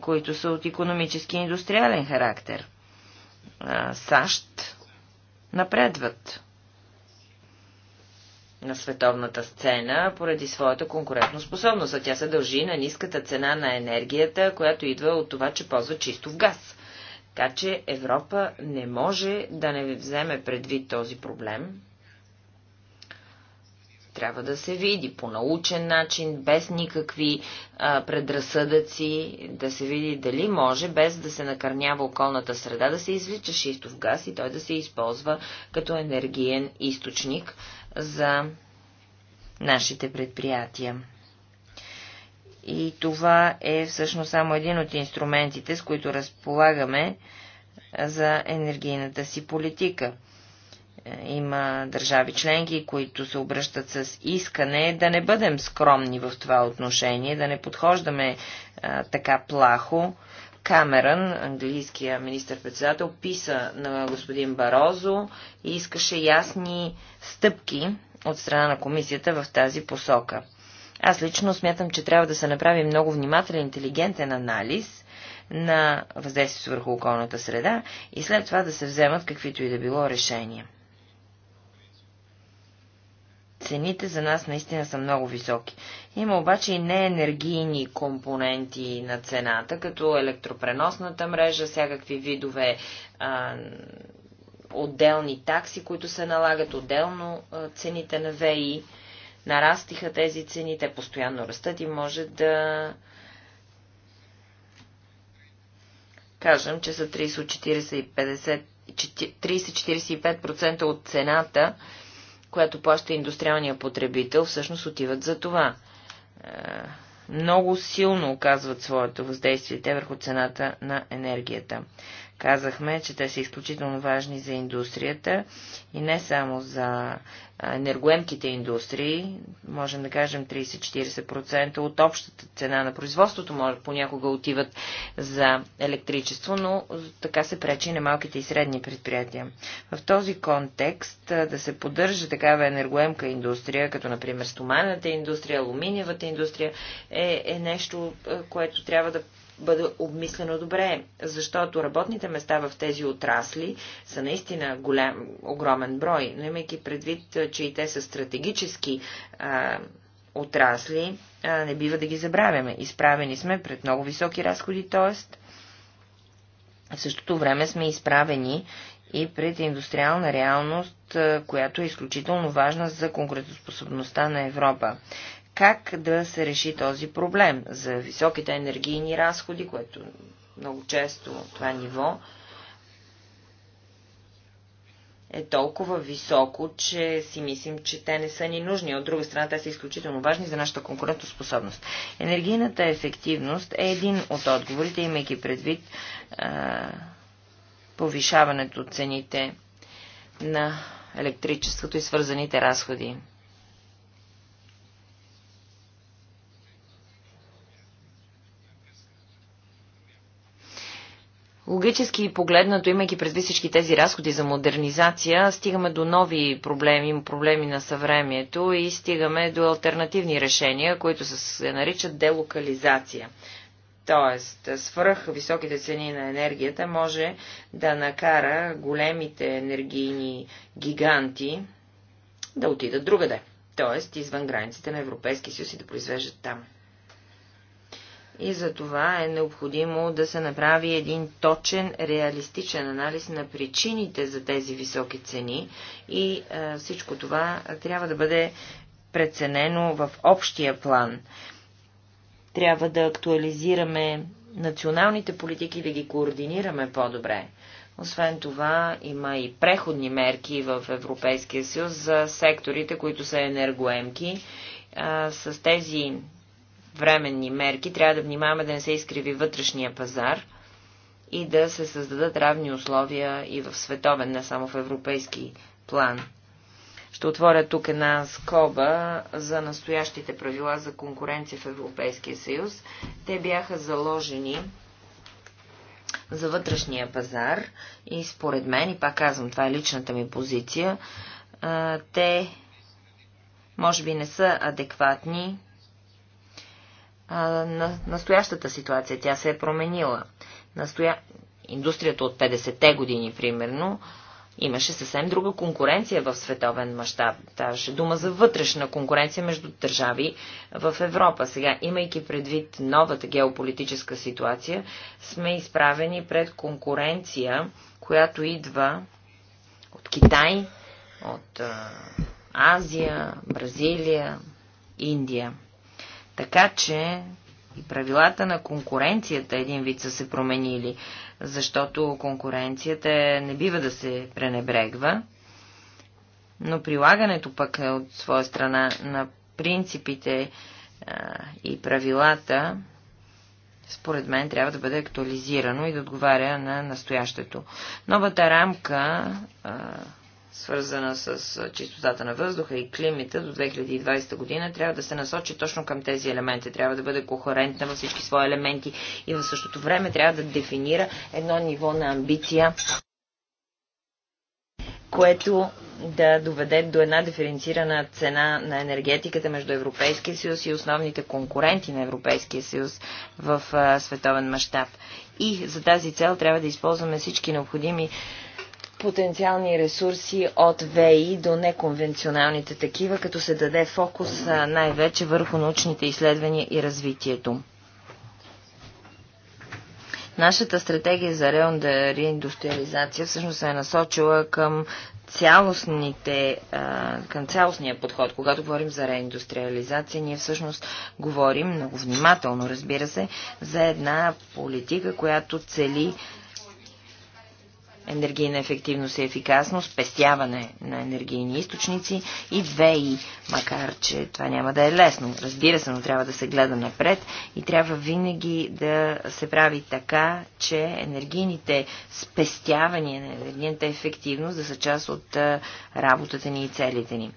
които са от економически и индустриален характер. САЩ напредват на световната сцена поради своята конкурентоспособност, способност, тя се дължи на ниската цена на енергията, която идва от това, че ползва чистов газ. Така че Европа не може да не вземе предвид този проблем трябва да се види по научен начин, без никакви а, предразсъдъци, да се види дали може, без да се накърнява околната среда, да се извлича шистов газ и той да се използва като енергиен източник за нашите предприятия. И това е всъщност само един от инструментите, с които разполагаме за енергийната си политика. Има държави членки, които се обръщат с искане да не бъдем скромни в това отношение, да не подхождаме а, така плахо. Камерън, английския министр-председател, писа на господин Барозо и искаше ясни стъпки от страна на комисията в тази посока. Аз лично смятам, че трябва да се направи много внимателен, интелигентен анализ на въздействието върху околната среда и след това да се вземат каквито и да било решения цените за нас наистина са много високи. Има обаче и неенергийни компоненти на цената, като електропреносната мрежа, всякакви видове а, отделни такси, които се налагат отделно а, цените на ВИ. Нарастиха тези цени, те постоянно растат и може да кажем, че са 30-45% от цената която плаща индустриалния потребител, всъщност отиват за това. Е, много силно оказват своето въздействие те върху цената на енергията. Казахме, че те са изключително важни за индустрията и не само за енергоемките индустрии. Можем да кажем 30-40% от общата цена на производството може понякога отиват за електричество, но така се пречи на малките и средни предприятия. В този контекст да се поддържа такава енергоемка индустрия, като например стоманата индустрия, алуминиевата индустрия, е, е нещо, което трябва да бъде обмислено добре, защото работните места в тези отрасли са наистина голям, огромен брой, но имайки предвид, че и те са стратегически а, отрасли, а, не бива да ги забравяме. Изправени сме пред много високи разходи, т.е. в същото време сме изправени и пред индустриална реалност, която е изключително важна за конкурентоспособността на Европа как да се реши този проблем за високите енергийни разходи, което много често това ниво е толкова високо, че си мислим, че те не са ни нужни. От друга страна, те са изключително важни за нашата конкурентоспособност. Енергийната ефективност е един от отговорите, имайки предвид а, повишаването цените на електричеството и свързаните разходи. Логически погледнато, имайки предвид всички тези разходи за модернизация, стигаме до нови проблеми, проблеми на съвремието и стигаме до альтернативни решения, които се наричат делокализация. Тоест, свръх високите цени на енергията може да накара големите енергийни гиганти да отидат другаде, Тоест, извън границите на Европейския съюз и да произвеждат там. И за това е необходимо да се направи един точен, реалистичен анализ на причините за тези високи цени и а, всичко това трябва да бъде преценено в общия план. Трябва да актуализираме националните политики, да ги координираме по-добре. Освен това, има и преходни мерки в Европейския съюз за секторите, които са енергоемки. А, с тези временни мерки, трябва да внимаваме да не се изкриви вътрешния пазар и да се създадат равни условия и в световен, не само в европейски план. Ще отворя тук една скоба за настоящите правила за конкуренция в Европейския съюз. Те бяха заложени за вътрешния пазар и според мен, и пак казвам, това е личната ми позиция, те може би не са адекватни а, на настоящата ситуация. Тя се е променила. Настоя... Индустрията от 50-те години, примерно, имаше съвсем друга конкуренция в световен мащаб. Ставаше дума за вътрешна конкуренция между държави в Европа. Сега, имайки предвид новата геополитическа ситуация, сме изправени пред конкуренция, която идва от Китай, от Азия, Бразилия, Индия. Така че и правилата на конкуренцията един вид са се променили, защото конкуренцията е, не бива да се пренебрегва, но прилагането пък е от своя страна на принципите и правилата, според мен, трябва да бъде актуализирано и да отговаря на настоящето. Новата рамка а, свързана с чистотата на въздуха и климата до 2020 година, трябва да се насочи точно към тези елементи. Трябва да бъде кохерентна във всички свои елементи и в същото време трябва да дефинира едно ниво на амбиция, което да доведе до една диференцирана цена на енергетиката между Европейския съюз и основните конкуренти на Европейския съюз в световен мащаб. И за тази цел трябва да използваме всички необходими потенциални ресурси от ВИ до неконвенционалните такива, като се даде фокус най-вече върху научните изследвания и развитието. Нашата стратегия за реиндустриализация всъщност се е насочила към цялостните, към цялостния подход. Когато говорим за реиндустриализация, ние всъщност говорим много внимателно, разбира се, за една политика, която цели енергийна ефективност и ефикасност, пестяване на енергийни източници и ВЕИ, макар че това няма да е лесно. Разбира се, но трябва да се гледа напред и трябва винаги да се прави така, че енергийните спестявания на енергийната ефективност да са част от работата ни и целите ни.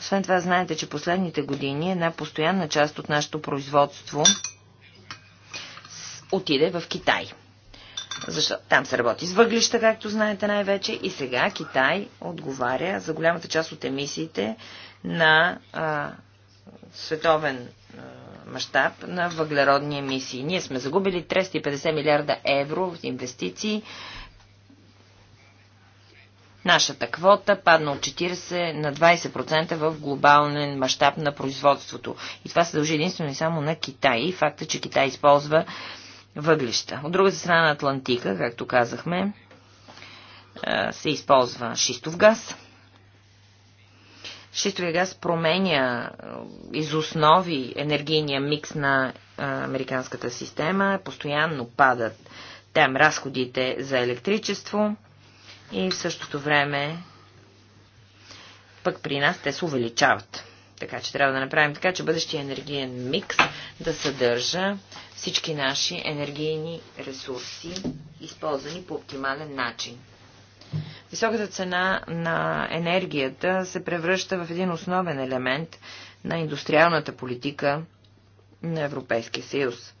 Освен това, знаете, че последните години една постоянна част от нашето производство отиде в Китай – защото там се работи с въглища, както знаете най-вече. И сега Китай отговаря за голямата част от емисиите на а, световен а, мащаб на въглеродни емисии. Ние сме загубили 350 милиарда евро в инвестиции. Нашата квота падна от 40 на 20% в глобален мащаб на производството. И това се дължи единствено и само на Китай. И факта, че Китай използва а, въглища. От другата страна на Атлантика, както казахме, е, се използва шистов газ. Шистовия газ променя е, из основи енергийния микс на е, американската система. Постоянно падат там разходите за електричество и в същото време пък при нас те се увеличават. Така че трябва да направим така, че бъдещия енергиен микс да съдържа всички наши енергийни ресурси, използвани по оптимален начин. Високата цена на енергията се превръща в един основен елемент на индустриалната политика на Европейския съюз.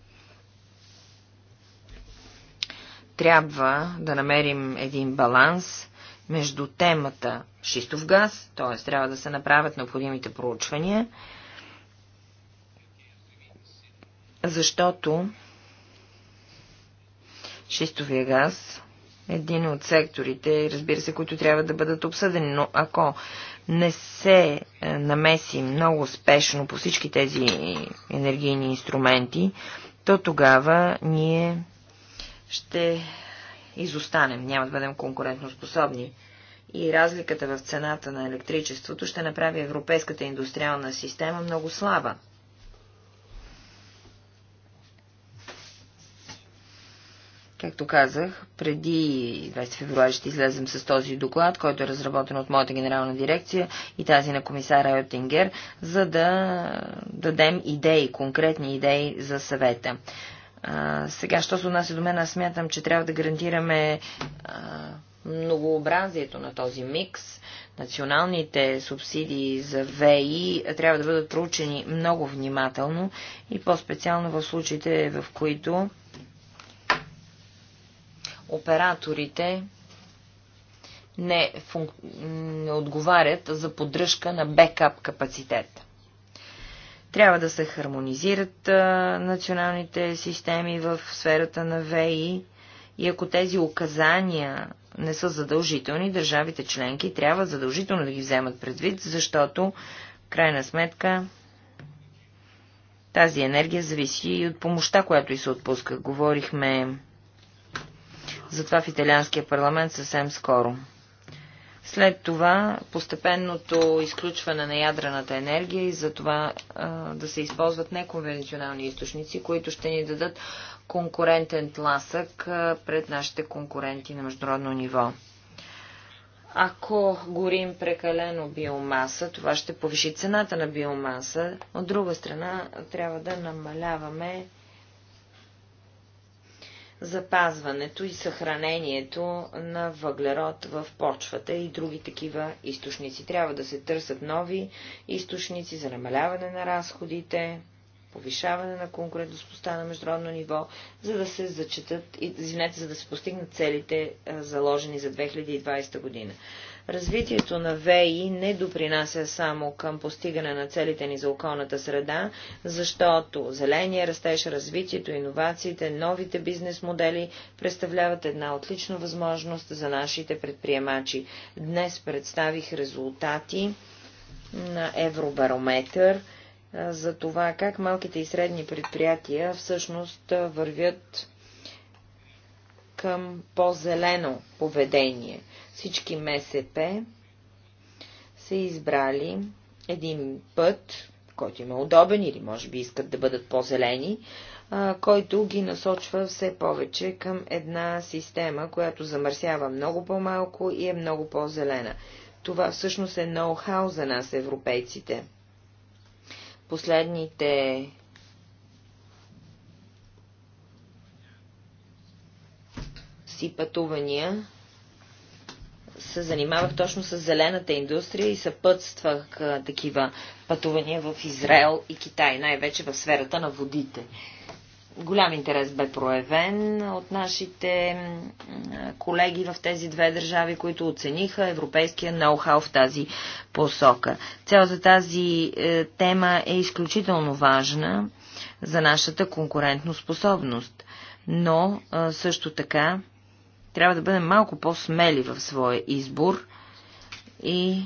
Трябва да намерим един баланс между темата шистов газ, т.е. трябва да се направят необходимите проучвания, защото шистовия газ е един от секторите, разбира се, които трябва да бъдат обсъдени, но ако не се е, намеси много спешно по всички тези енергийни инструменти, то тогава ние ще изостанем, няма да бъдем конкурентоспособни. И разликата в цената на електричеството ще направи европейската индустриална система много слаба. Както казах, преди 20 февруари ще излезем с този доклад, който е разработен от моята генерална дирекция и тази на комисара Йотингер, за да дадем идеи, конкретни идеи за съвета. А, сега, що се отнася до мен, аз смятам, че трябва да гарантираме а, многообразието на този микс. Националните субсидии за ВИ трябва да бъдат проучени много внимателно и по-специално в случаите, в които операторите не, функ... не отговарят за поддръжка на бекап капацитет. Трябва да се хармонизират националните системи в сферата на ВИ и ако тези указания не са задължителни, държавите членки трябва задължително да ги вземат предвид, защото в крайна сметка тази енергия зависи и от помощта, която и се отпуска. Говорихме за това в италианския парламент съвсем скоро. След това постепенното изключване на ядрената енергия и за това а, да се използват неконвенционални източници, които ще ни дадат конкурентен тласък а, пред нашите конкуренти на международно ниво. Ако горим прекалено биомаса, това ще повиши цената на биомаса. От друга страна, трябва да намаляваме запазването и съхранението на въглерод в почвата и други такива източници. Трябва да се търсят нови източници за намаляване на разходите, повишаване на конкурентоспоста на международно ниво, за да се зачитат, извинете, за да се постигнат целите заложени за 2020 година. Развитието на ВЕИ не допринася само към постигане на целите ни за околната среда, защото зеления растеж, развитието, иновациите, новите бизнес модели представляват една отлична възможност за нашите предприемачи. Днес представих резултати на Евробарометър за това как малките и средни предприятия всъщност вървят към по-зелено поведение. Всички МСП са избрали един път, който им е удобен или може би искат да бъдат по-зелени, който ги насочва все повече към една система, която замърсява много по-малко и е много по-зелена. Това всъщност е ноу-хау за нас, европейците. Последните си пътувания се занимавах точно с зелената индустрия и съпътствах а, такива пътувания в Израел и Китай, най-вече в сферата на водите. Голям интерес бе проявен от нашите колеги в тези две държави, които оцениха европейския ноу-хау в тази посока. Цел за тази е, тема е изключително важна за нашата конкурентно способност, но също така трябва да бъдем малко по-смели в своя избор и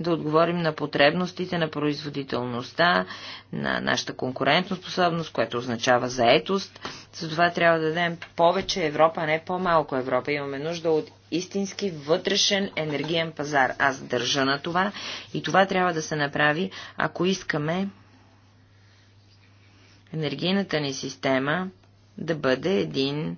да отговорим на потребностите, на производителността, на нашата конкурентоспособност, което означава заетост. Затова трябва да дадем повече Европа, не по-малко Европа. Имаме нужда от истински вътрешен енергиен пазар. Аз държа на това и това трябва да се направи, ако искаме енергийната ни система да бъде един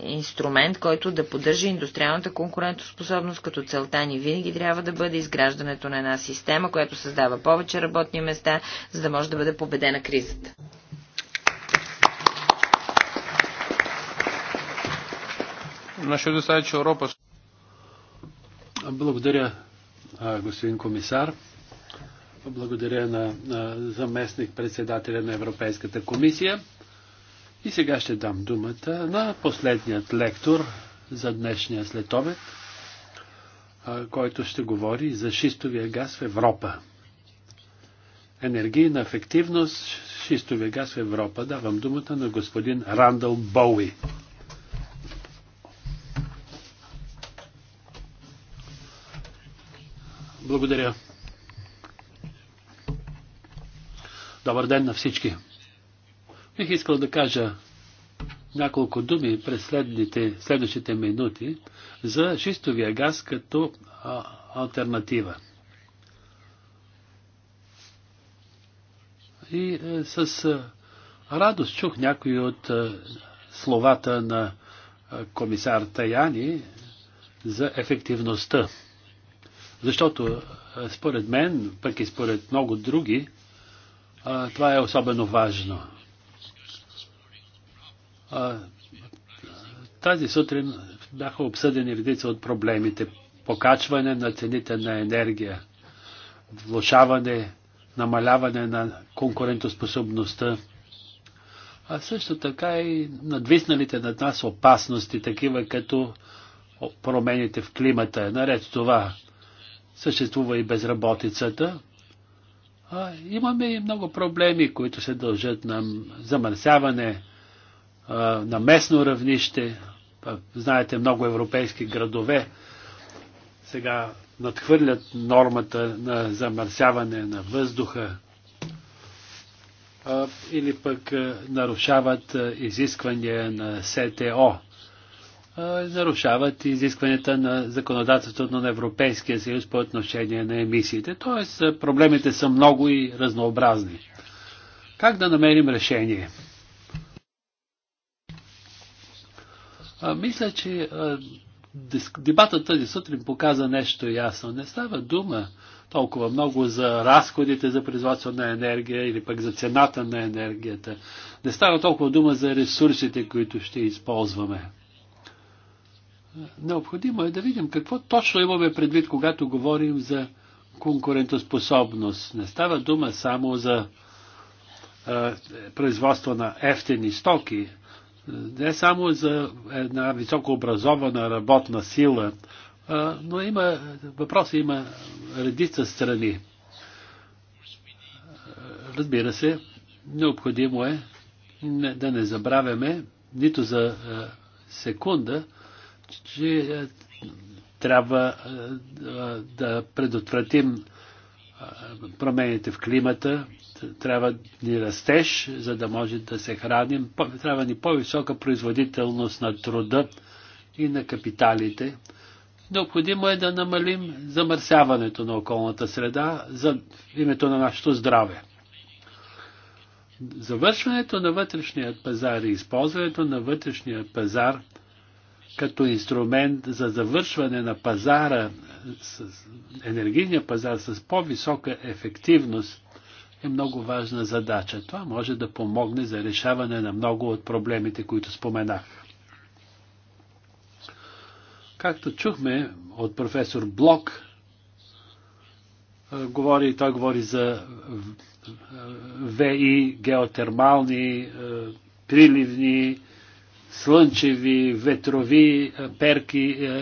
инструмент, който да поддържа индустриалната конкурентоспособност, като целта ни винаги трябва да бъде изграждането на една система, която създава повече работни места, за да може да бъде победена кризата. Благодаря, господин комисар. Благодаря на заместник председателя на Европейската комисия. И сега ще дам думата на последният лектор за днешния следобед, който ще говори за шистовия газ в Европа. Енергийна ефективност, шистовия газ в Европа. Давам думата на господин Рандъл Боуи. Благодаря. Добър ден на всички. Бих искал да кажа няколко думи през следните, следващите минути за шистовия газ като а, альтернатива. И е, с е, радост чух някои от е, словата на комисар Таяни за ефективността. Защото според мен, пък и според много други, това е особено важно. Тази сутрин бяха обсъдени редица от проблемите. Покачване на цените на енергия, влушаване, намаляване на конкурентоспособността, а също така и надвисналите над нас опасности, такива като промените в климата. Наред с това съществува и безработицата. А, имаме и много проблеми, които се дължат на замърсяване, на местно равнище, знаете, много европейски градове сега надхвърлят нормата на замърсяване на въздуха или пък нарушават изисквания на СТО. Нарушават изискванията на законодателството на Европейския съюз по отношение на емисиите. Тоест проблемите са много и разнообразни. Как да намерим решение? А, мисля, че а, дебатът тази сутрин показа нещо ясно. Не става дума толкова много за разходите за производство на енергия или пък за цената на енергията. Не става толкова дума за ресурсите, които ще използваме. Необходимо е да видим какво точно имаме предвид, когато говорим за конкурентоспособност. Не става дума само за а, производство на ефтени стоки, не само за една високообразована работна сила, но има, въпроса има редица страни. Разбира се, необходимо е да не забравяме нито за секунда, че трябва да предотвратим промените в климата, трябва ни растеж, за да може да се храним. Трябва ни по-висока производителност на труда и на капиталите. Необходимо е да намалим замърсяването на околната среда за името на нашето здраве. Завършването на вътрешния пазар и използването на вътрешния пазар като инструмент за завършване на пазара, с енергийния пазар с по-висока ефективност е много важна задача. Това може да помогне за решаване на много от проблемите, които споменах. Както чухме от професор Блок, е, говори, той говори за ВИ, геотермални, е, приливни, слънчеви, ветрови е, перки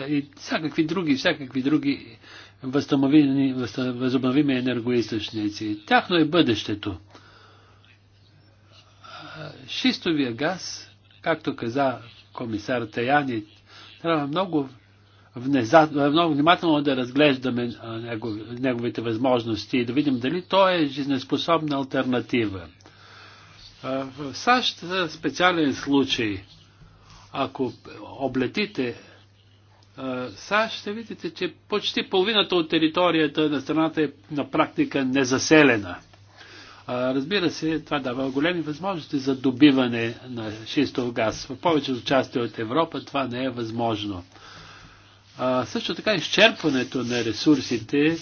и всякакви други, всякакви други възобновими енергоисточници. Тяхно е бъдещето. Шистовия газ, както каза комисар Таяни, трябва много, внезад, много внимателно да разглеждаме неговите възможности и да видим дали то е жизнеспособна альтернатива. В САЩ специален случай. Ако облетите САЩ, ще видите, че почти половината от територията на страната е на практика незаселена. Разбира се, това дава големи възможности за добиване на шистов газ. В повечето части от Европа това не е възможно. А, също така изчерпването на ресурсите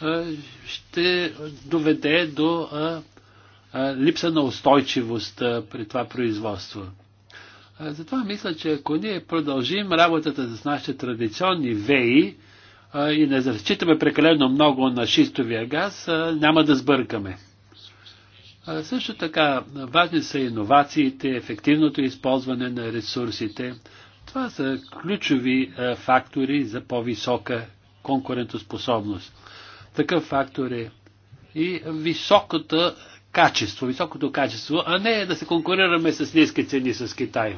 а, ще доведе до а, липса на устойчивост при това производство. Затова мисля, че ако ние продължим работата с нашите традиционни веи и не разчитаме прекалено много на шистовия газ, няма да сбъркаме. Също така важни са иновациите, ефективното използване на ресурсите. Това са ключови фактори за по-висока конкурентоспособност. Такъв фактор е и високото качество, високото качество, а не да се конкурираме с ниски цени с Китай.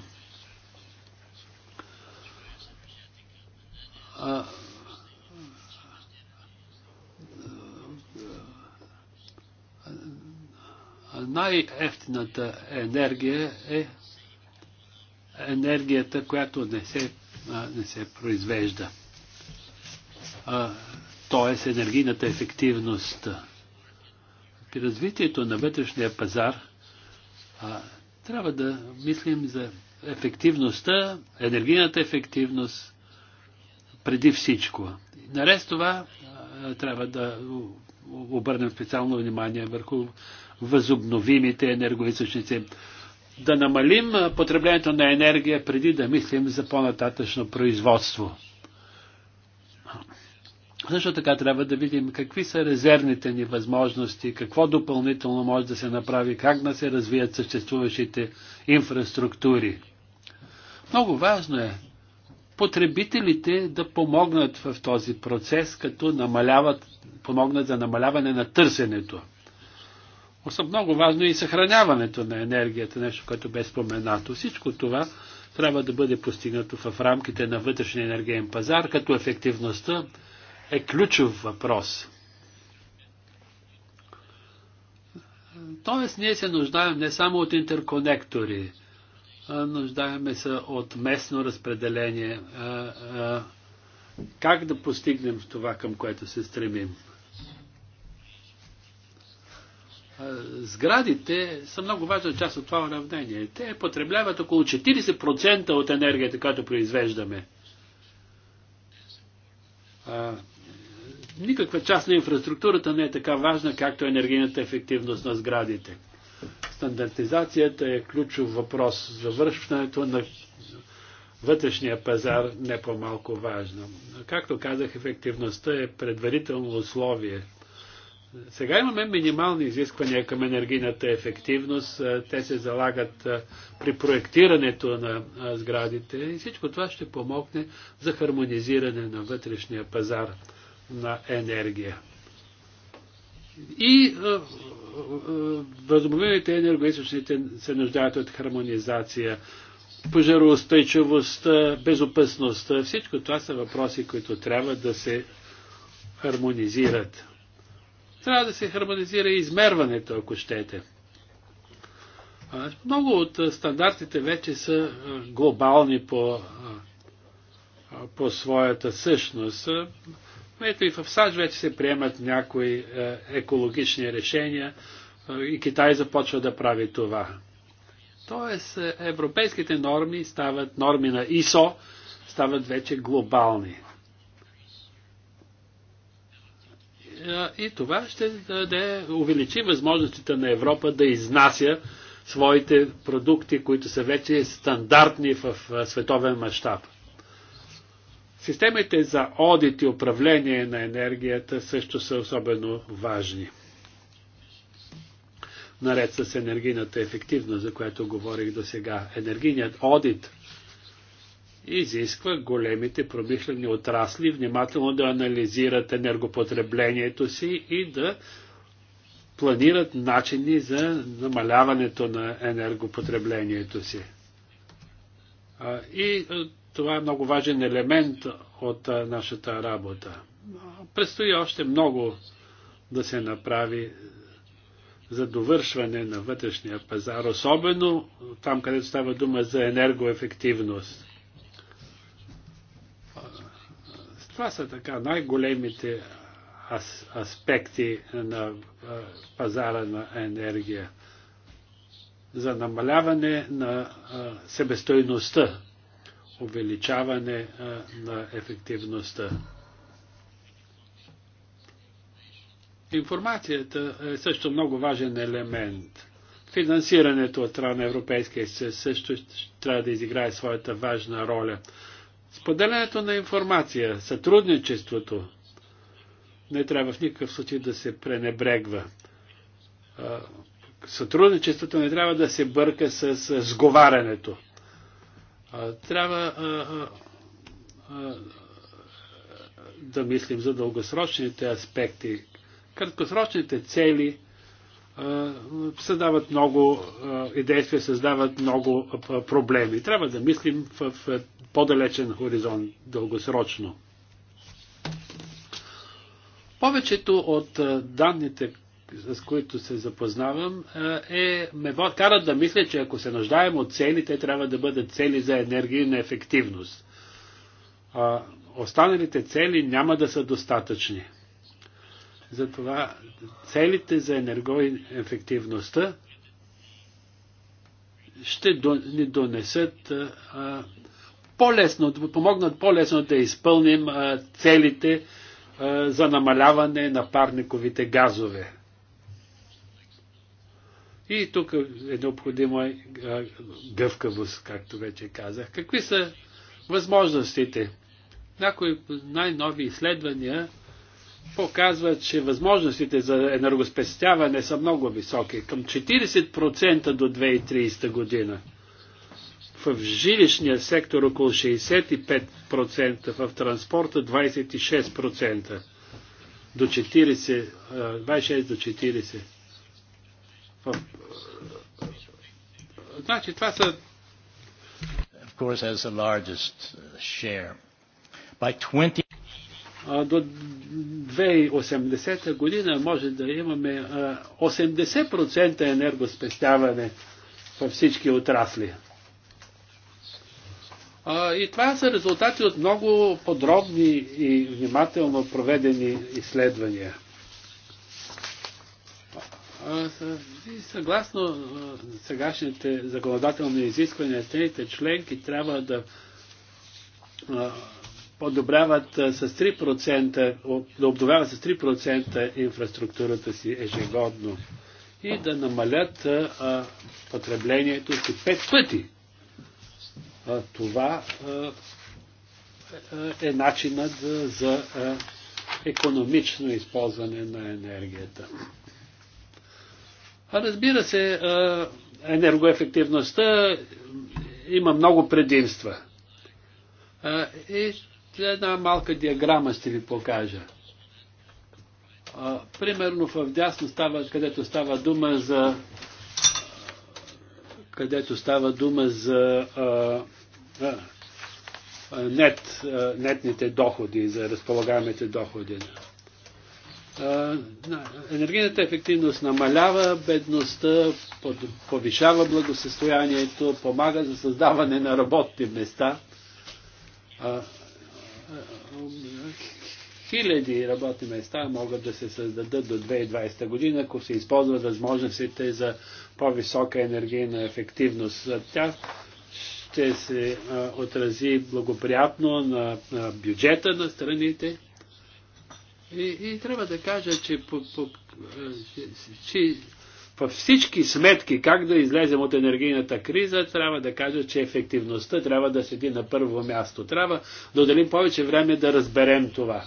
най-ефтината енергия е енергията, която не се, не се произвежда. Тоест енергийната ефективност. При развитието на вътрешния пазар а, трябва да мислим за ефективността, енергийната ефективност, преди всичко. Наред с това трябва да обърнем специално внимание върху възобновимите енергоисточници. Да намалим потреблението на енергия преди да мислим за по-нататъчно производство. Също така трябва да видим какви са резервните ни възможности, какво допълнително може да се направи, как да се развият съществуващите инфраструктури. Много важно е потребителите да помогнат в този процес, като намаляват, помогнат за намаляване на търсенето. Особено много важно е и съхраняването на енергията, нещо, което бе споменато. Всичко това трябва да бъде постигнато в рамките на вътрешния енергиен пазар, като ефективността е ключов въпрос. Тоест, ние се нуждаем не само от интерконектори, нуждаеме се от местно разпределение. Как да постигнем това, към което се стремим? Сградите са много важна част от това уравнение. Те потребляват около 40% от енергията, която произвеждаме. Никаква част на инфраструктурата не е така важна, както енергийната ефективност на сградите. Стандартизацията е ключов въпрос. за вършването на вътрешния пазар не по-малко важно. Както казах, ефективността е предварително условие. Сега имаме минимални изисквания към енергийната ефективност. Е, те се залагат е, при проектирането на е, сградите и всичко това ще помогне за хармонизиране на вътрешния пазар на енергия. И възобновените енергоисточници се нуждаят от хармонизация. пожароустойчивост, безопасност, всичко това са въпроси, които трябва да се хармонизират. Трябва да се хармонизира и измерването, ако щете. Много от стандартите вече са глобални по, по своята същност. Ето и в САЩ вече се приемат някои е, екологични решения е, и Китай започва да прави това. Тоест, е, европейските норми стават, норми на ИСО, стават вече глобални. И това ще даде, увеличи възможностите на Европа да изнася своите продукти, които са вече стандартни в световен мащаб. Системите за одит и управление на енергията също са особено важни. Наред с енергийната ефективност, за която говорих до сега, енергийният одит изисква големите промишлени отрасли внимателно да анализират енергопотреблението си и да планират начини за намаляването на енергопотреблението си. И това е много важен елемент от нашата работа. Предстои още много да се направи за довършване на вътрешния пазар, особено там, където става дума за енергоефективност. Това са така най-големите аспекти на пазара на енергия за намаляване на себестойността увеличаване на ефективността. Информацията е също много важен елемент. Финансирането от страна на Европейския съюз също трябва да изиграе своята важна роля. Споделянето на информация, сътрудничеството не трябва в никакъв случай да се пренебрегва. Сътрудничеството не трябва да се бърка с сговарянето. Трябва да мислим за дългосрочните аспекти. Краткосрочните цели създават много и действия създават много проблеми. Трябва да мислим в по-далечен хоризонт, дългосрочно. Повечето от данните, с които се запознавам, е, ме карат да мисля, че ако се нуждаем от цели, те трябва да бъдат цели за енергийна ефективност. А, останалите цели няма да са достатъчни. Затова целите за ефективността ще ни донесат а, по-лесно, помогнат по-лесно да изпълним а, целите а, за намаляване на парниковите газове. И тук е необходима гъвкавост, както вече казах. Какви са възможностите? Някои най-нови изследвания показват, че възможностите за енергоспестяване са много високи. Към 40% до 2030 година. В жилищния сектор около 65%, в транспорта 26%. До 40, 26 до 40. Е, значи това са of course has the largest uh, share. By 20 до 2080 година може да имаме 80% енергоспестяване във всички отрасли. И това са резултати от много подробни и внимателно проведени изследвания съгласно сегашните законодателни изисквания, страните членки трябва да подобряват с 3%, да обновяват с 3% инфраструктурата си ежегодно и да намалят потреблението си 5 пъти. това е, е начинът за економично използване на енергията. Разбира се, енергоефективността има много предимства. И една малка диаграма ще ви покажа. Примерно в дясно става, където става дума за където става дума за а, а, нет, а, нетните доходи, за разполагаемите доходи енергийната ефективност намалява бедността, повишава благосъстоянието, помага за създаване на работни места. Хиляди работни места могат да се създадат до 2020 година, ако се използват възможностите за по-висока енергийна ефективност. Тя ще се отрази благоприятно на бюджета на страните и, и трябва да кажа, че, по, по, е, че във всички сметки как да излезем от енергийната криза, трябва да кажа, че ефективността трябва да седи на първо място. Трябва да отделим повече време да разберем това.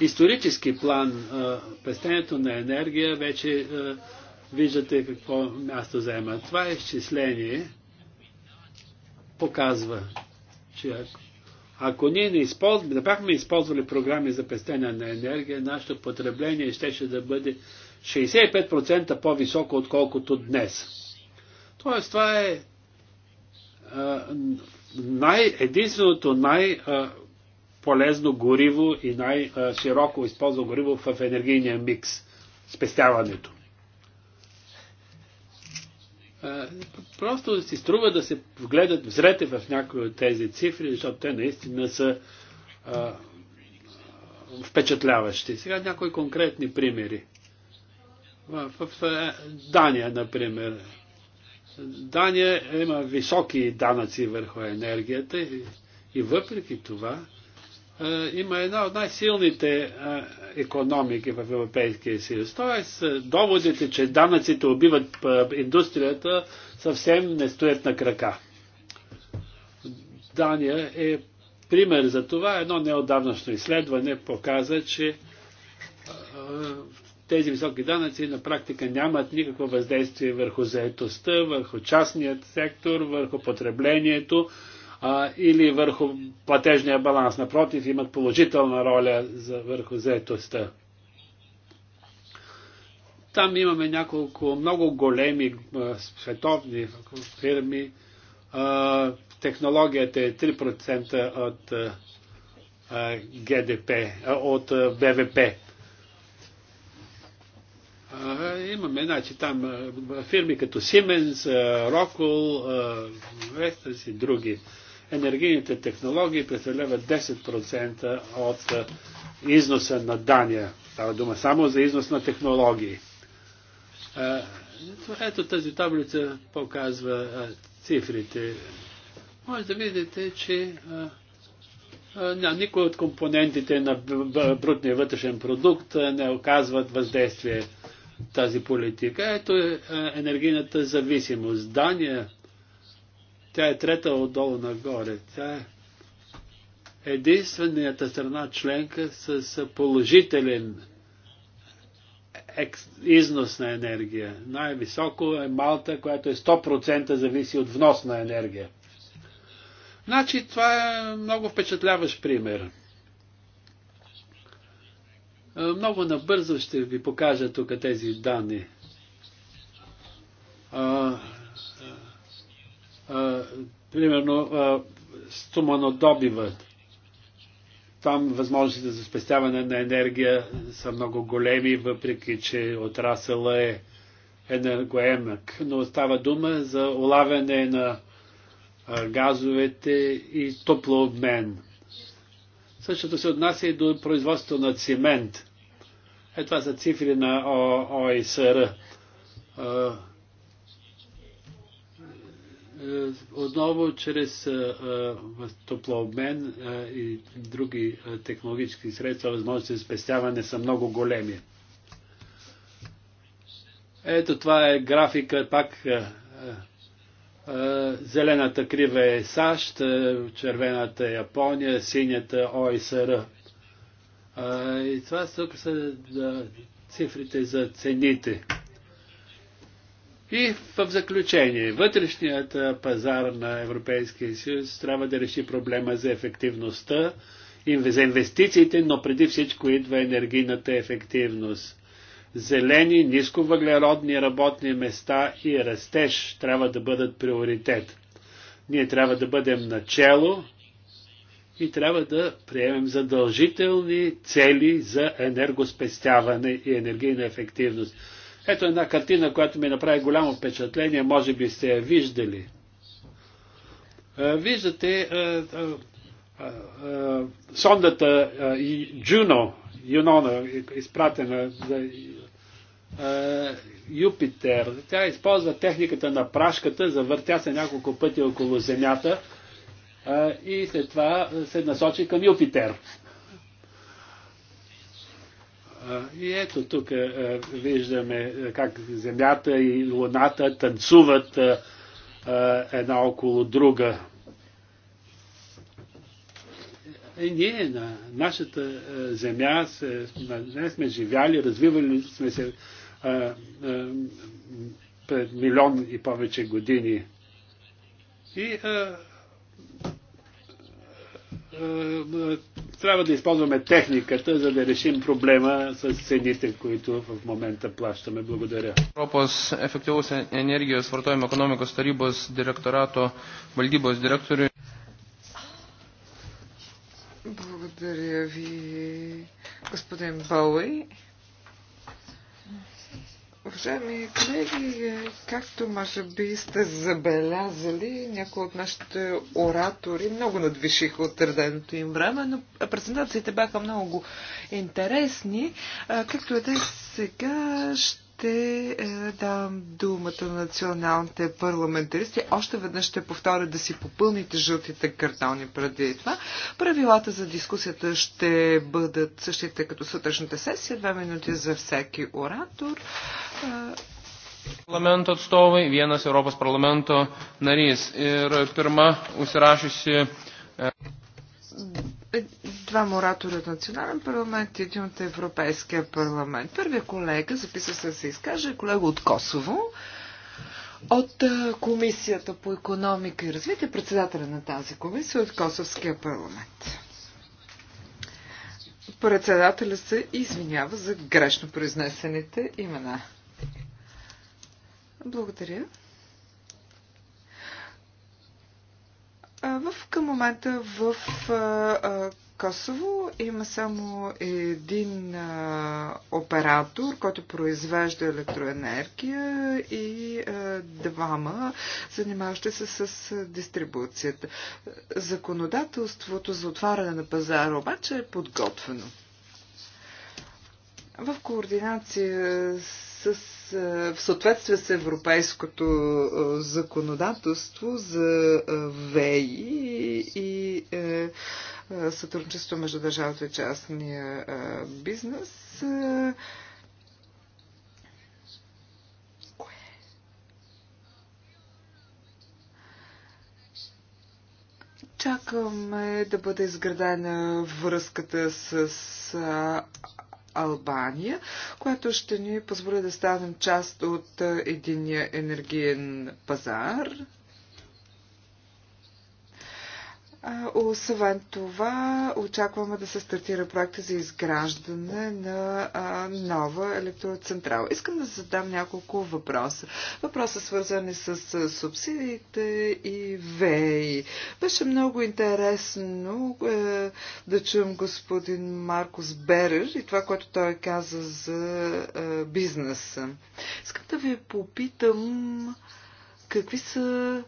Исторически план, е, пестенето на енергия, вече е, виждате какво място заема. Това изчисление показва, че ако ако ние не, използ... не бяхме използвали програми за пестене на енергия, нашето потребление щеше да бъде 65% по-високо, отколкото днес. Тоест, това е най, единственото най-полезно гориво и най-широко използвано гориво в енергийния микс спестяването. Просто си струва да се вгледат взрете в някои от тези цифри, защото те наистина са а, впечатляващи. Сега някои конкретни примери. В, в, в е, Дания, например. Дания има високи данъци върху енергията и, и въпреки това е, има една от най-силните е, економики в Европейския съюз. Тоест, е, доводите, че данъците убиват индустрията, съвсем не стоят на крака. Дания е пример за това. Едно неодавнашно изследване показа, че тези високи данъци на практика нямат никакво въздействие върху заетостта, върху частният сектор, върху потреблението, а, или върху платежния баланс. Напротив, имат положителна роля за, върху заетостта. Там имаме няколко много големи а, световни фирми. А, технологията е 3% от а, ГДП, а, от а, БВП. А, имаме, значи, там а, фирми като Siemens, Rockwell, Vestas и други. А, енергийните технологии представляват 10% от износа на Дания. Става дума само за износ на технологии. Ето тази таблица показва цифрите. Може да видите, че никой от компонентите на брутния вътрешен продукт не оказват въздействие тази политика. Ето е енергийната зависимост. Дания тя е трета отдолу нагоре. Тя е единствената страна членка с положителен износ на енергия. Най-високо е Малта, която е 100% зависи от внос на енергия. Значи това е много впечатляващ пример. Е, много набързо ще ви покажа тук тези данни примерно добива. Там възможностите за спестяване на енергия са много големи, въпреки че отрасъла е енергоемък. Но става дума за улавяне на газовете и топлообмен. Същото се отнася и до производството на цимент. Е, това са цифри на ОИСР. Е, отново чрез е, е, топлообмен и други технологически средства, възможности за спестяване са много големи. Ето това е графика, пак зелената крива е САЩ, червената е Япония, синята ОСР. И това са цифрите за цените. И в заключение, вътрешният пазар на Европейския съюз трябва да реши проблема за ефективността, за инвестициите, но преди всичко идва енергийната ефективност. Зелени, нисковъглеродни работни места и растеж трябва да бъдат приоритет. Ние трябва да бъдем начало и трябва да приемем задължителни цели за енергоспестяване и енергийна ефективност. Ето една картина, която ми направи голямо впечатление, може би сте я виждали. Виждате сондата Джуно, Юнона, изпратена за Юпитер. Тя използва техниката на прашката, завъртя се няколко пъти около Земята и след това се насочи към Юпитер. И ето тук виждаме как Земята и Луната танцуват една около друга. И ние на нашата земя се, не сме живяли, развивали сме се а, а, пред милион и повече години. И а, трябва да използваме техниката, за да решим проблема с цените, които в момента плащаме. Благодаря. Европос ефективус енергijos vartojimo с tarybos direktorato valdybos директори. Благодаря ви, господин Бауи. Уважаеми колеги, както може би сте забелязали, някои от нашите оратори много надвишиха от търденото им време, но презентациите бяха много интересни. Както е сега, ще ще е, дам думата на националните парламентаристи. Още веднъж ще повторя да си попълните жълтите картони преди това. Правилата за дискусията ще бъдат същите като сутрешната сесия. Две минути за всеки оратор. Е, Парламент Parlamento Европа с Europos нарис. И Ir pirma užsirašusi двама оратори от национален парламент и един от Европейския парламент. Първият колега записа се да се изкаже е колега от Косово, от Комисията по економика и развитие, председателя на тази комисия от Косовския парламент. Председателя се извинява за грешно произнесените имена. Благодаря. В, към момента в Косово има само един а, оператор, който произвежда електроенергия и а, двама, занимаващи се с дистрибуцията. Законодателството за отваряне на пазара обаче е подготвено. В координация с е, в съответствие с европейското е, законодателство за е, ВЕИ и сътрудничество между държавата и частния бизнес. Чакаме да бъде изградена връзката с Албания, което ще ни позволи да станем част от единия енергиен пазар освен това, очакваме да се стартира проекта за изграждане на нова електроцентрала. Искам да задам няколко въпроса. Въпроса свързани с субсидиите и ВЕИ. Беше много интересно е, да чуем господин Маркус Берер и това, което той каза за е, бизнеса. Искам да ви попитам какви са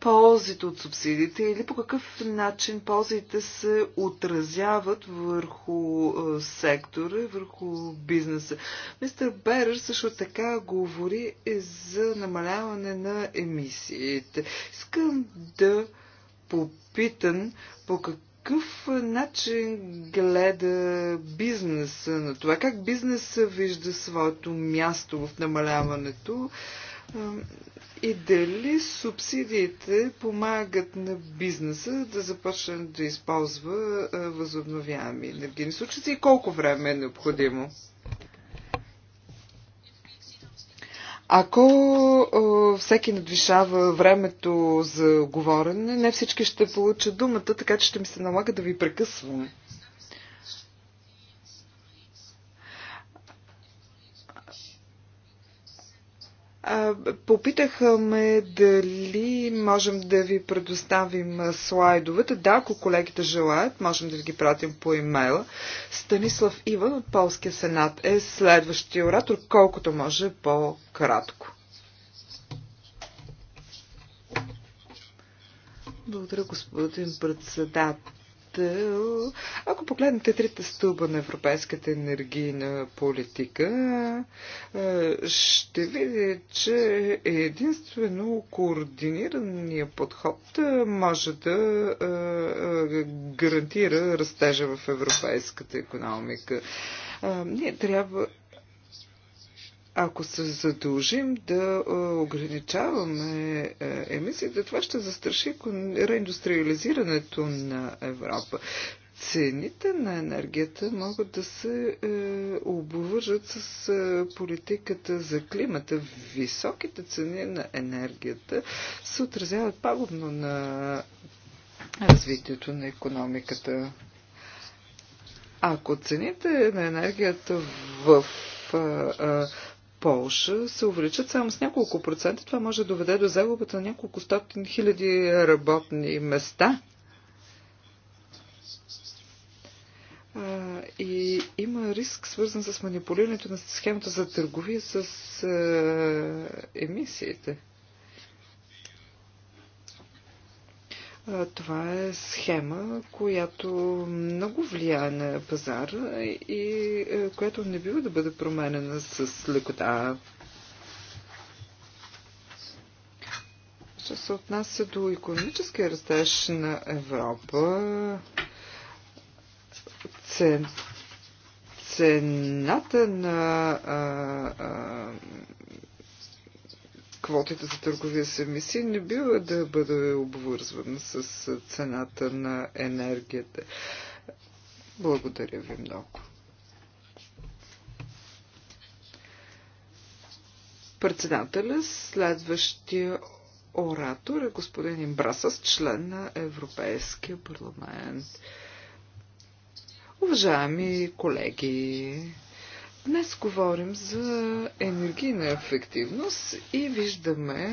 ползите от субсидиите или по какъв начин ползите се отразяват върху е, сектора, върху бизнеса. Мистер Берър също така говори за намаляване на емисиите. Искам да попитам по какъв какъв начин гледа бизнеса на това? Как бизнеса вижда своето място в намаляването? Е, и дали субсидиите помагат на бизнеса да започне да използва възобновяеми енергийни случаи и колко време е необходимо? Ако о, всеки надвишава времето за говорене, не всички ще получат думата, така че ще ми се налага да ви прекъсвам. Попитахме дали можем да ви предоставим слайдовете. Да, ако колегите желаят, можем да ви ги пратим по имейла. Станислав Иван от Полския сенат е следващия оратор, колкото може по-кратко. Благодаря, господин председател председател, ако погледнете трите стълба на европейската енергийна политика, е, ще видите, че единствено координирания подход е, може да е, гарантира растежа в европейската економика. Ние трябва ако се задължим да ограничаваме емисиите, това ще застраши реиндустриализирането на Европа цените на енергията могат да се е, обвържат с е, политиката за климата. Високите цени на енергията се отразяват пагубно на развитието на економиката. Ако цените на енергията в е, е, Полша се увеличат само с няколко процента. Това може да доведе до загубата на няколко стотин хиляди работни места. и има риск свързан с манипулирането на схемата за търговия с емисиите. Това е схема, която много влияе на пазара и е, която не бива да бъде променена с лекота. Що се отнася до економическия растеж на Европа, цен, цената на а, а, квотите за търговия с емисии не бива да бъде обвързвана с цената на енергията. Благодаря ви много. Председателя, следващия оратор е господин Имбрасас, член на Европейския парламент. Уважаеми колеги, Днес говорим за енергийна ефективност и виждаме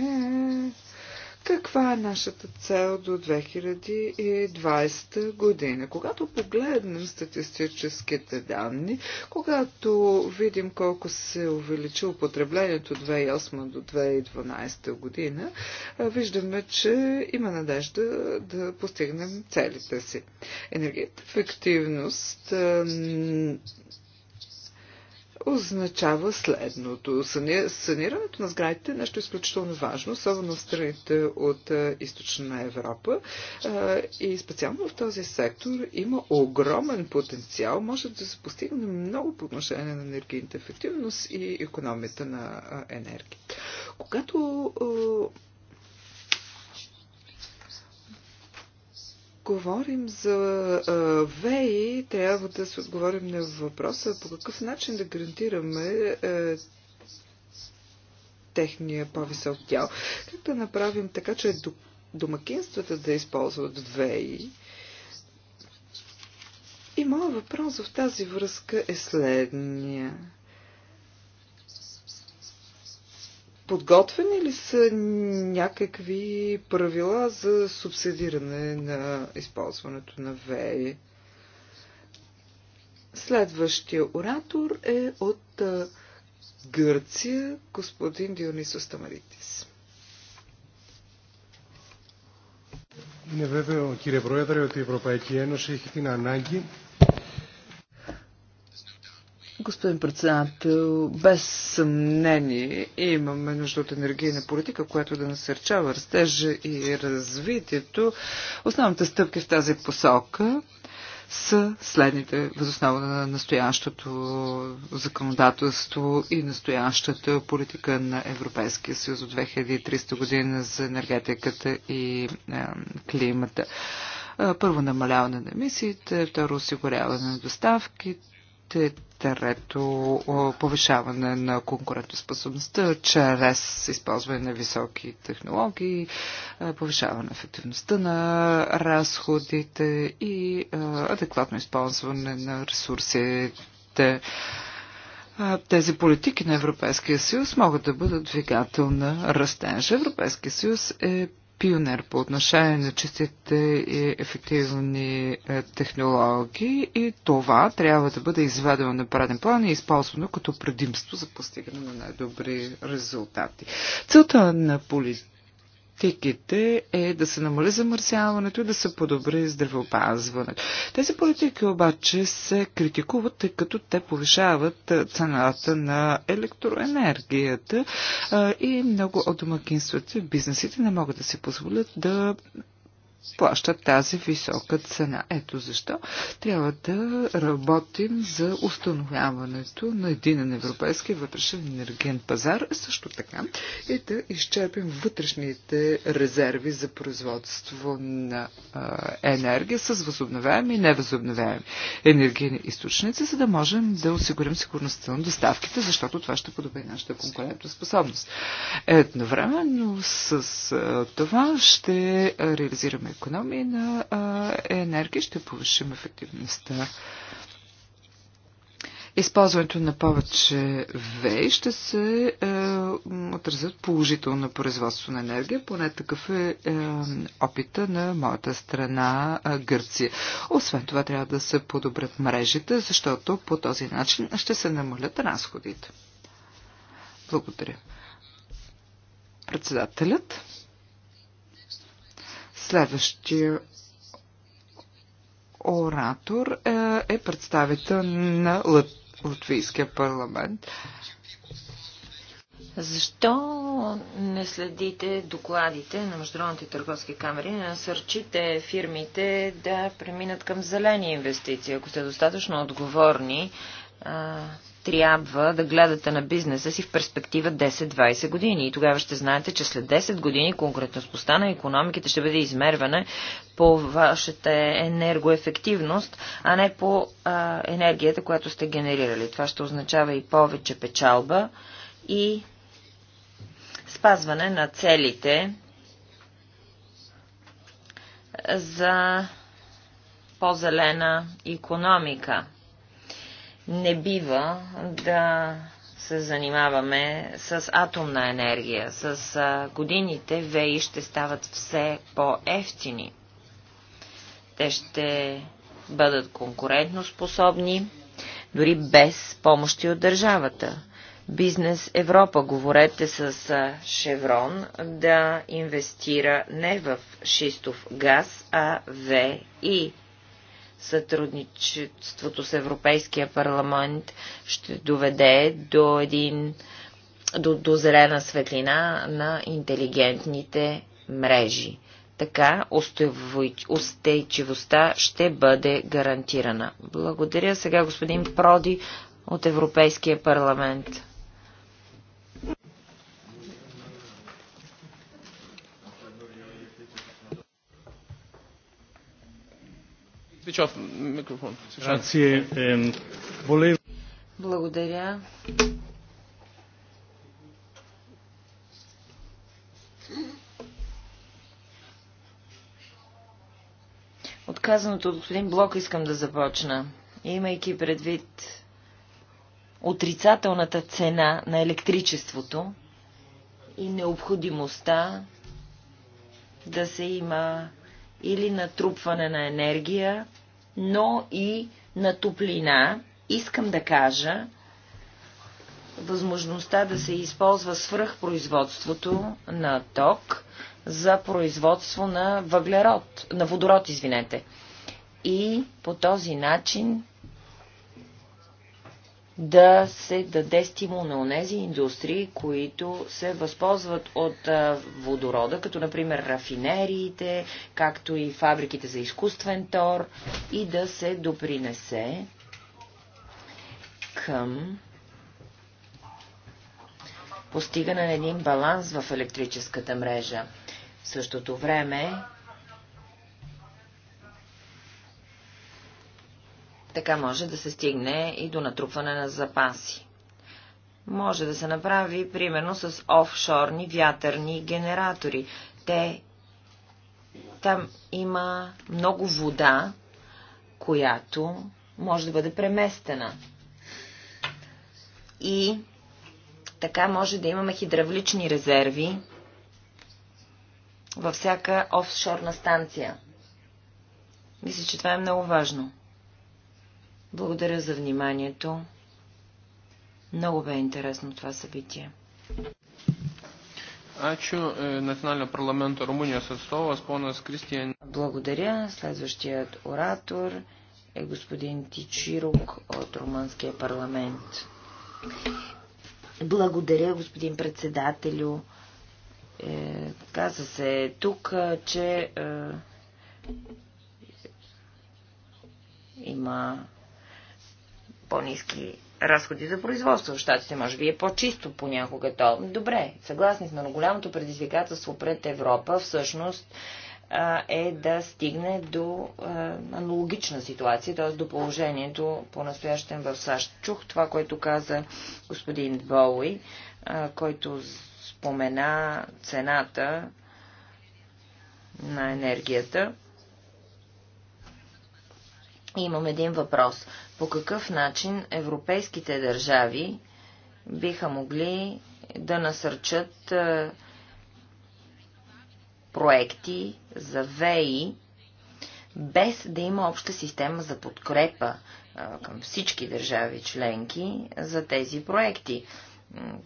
каква е нашата цел до 2020 година? Когато погледнем статистическите данни, когато видим колко се увеличи употреблението от 2008 до 2012 година, виждаме, че има надежда да постигнем целите си. Енергията ефективност означава следното. Санирането на сградите е нещо изключително важно, особено в страните от е, източна Европа. Е, и специално в този сектор има огромен потенциал. Може да се постигне много по отношение на енергийната ефективност и економията на е, енергия. Когато говорим за ВЕИ, трябва да се отговорим на въпроса по какъв начин да гарантираме техния по-висок дял. Как да направим така, че домакинствата да използват ВЕИ? И моят въпрос в тази връзка е следния. Подготвени ли са някакви правила за субсидиране на използването на ВЕИ? Следващия оратор е от Гърция, господин Дионисо Стамаритис. Είναι βέβαιο, κύριε Πρόεδρε, ότι η Ευρωπαϊκή Ένωση έχει την ανάγκη Господин председател, без съмнение имаме нужда от енергийна политика, която да насърчава растежа и развитието. Основните стъпки в тази посока са следните възоснова на настоящото законодателство и настоящата политика на Европейския съюз от 2300 година за енергетиката и е, климата. Е, първо намаляване на емисиите, второ осигуряване на доставките, трето повишаване на конкурентоспособността чрез използване на високи технологии, е, повишаване на ефективността на разходите и е, адекватно използване на ресурсите. Е, тези политики на Европейския съюз могат да бъдат двигател на растеж. Европейския съюз е пионер по отношение на чистите и ефективни е, технологии и това трябва да бъде изведено на преден план и използвано като предимство за постигане на най-добри резултати. Целта на политиката политиките е да се намали замърсяването и да се подобри здравеопазването. Тези политики обаче се критикуват, тъй като те повишават цената на електроенергията и много от домакинствата и бизнесите не могат да си позволят да плащат тази висока цена. Ето защо трябва да работим за установяването на един европейски вътрешен енерген пазар, също така и да изчерпим вътрешните резерви за производство на енергия с възобновяеми и невъзобновяеми енергийни източници, за да можем да осигурим сигурността на доставките, защото това ще подобри нашата конкурентоспособност. Едновременно с това ще реализираме економия на енергия, ще повишим ефективността. Използването на повече ВЕИ ще се е, отразят положително на производство на енергия, поне такъв е, е опита на моята страна е, Гърция. Освен това трябва да се подобрят мрежите, защото по този начин ще се намалят разходите. Благодаря. Председателят. Следващия оратор е, е представител на Латвийския парламент. Защо не следите докладите на международните търговски камери, не насърчите фирмите да преминат към зелени инвестиции? Ако сте достатъчно отговорни, трябва да гледате на бизнеса си в перспектива 10-20 години. И тогава ще знаете, че след 10 години конкретността на економиките ще бъде измервана по вашата енергоефективност, а не по а, енергията, която сте генерирали. Това ще означава и повече печалба и спазване на целите за по-зелена економика не бива да се занимаваме с атомна енергия. С годините ВЕИ ще стават все по-ефтини. Те ще бъдат конкурентно способни, дори без помощи от държавата. Бизнес Европа, говорете с Шеврон, да инвестира не в шистов газ, а ВИ сътрудничеството с Европейския парламент ще доведе до един до, до зелена светлина на интелигентните мрежи. Така устойчивостта ще бъде гарантирана. Благодаря сега господин Проди от Европейския парламент. Благодаря. Отказаното от господин Блок искам да започна. Имайки предвид отрицателната цена на електричеството и необходимостта да се има или натрупване на енергия, но и на топлина. Искам да кажа, възможността да се използва свръхпроизводството на ток за производство на въглерод, на водород, извинете. И по този начин да се даде стимул на онези индустрии, които се възползват от водорода, като например рафинериите, както и фабриките за изкуствен тор и да се допринесе към постигане на един баланс в електрическата мрежа. В същото време Така може да се стигне и до натрупване на запаси. Може да се направи, примерно, с офшорни вятърни генератори. Те... Там има много вода, която може да бъде преместена. И така може да имаме хидравлични резерви във всяка офшорна станция. Мисля, че това е много важно. Благодаря за вниманието. Много бе интересно това събитие. Ачу, е, националния парламент Румъния спона с Кристиан. Благодаря. Следващият оратор е господин Тичирук от Румънския парламент. Благодаря, господин председателю. Е, каза се тук, е, че е, има по-низки разходи за производство. В щатите може би е по-чисто понякога то. Добре, съгласни сме, но голямото предизвикателство пред Европа всъщност е да стигне до аналогична ситуация, т.е. до положението по-настоящен в САЩ. Чух това, което каза господин Боуи, който спомена цената на енергията. И имам един въпрос по какъв начин европейските държави биха могли да насърчат е, проекти за ВЕИ, без да има обща система за подкрепа е, към всички държави членки за тези проекти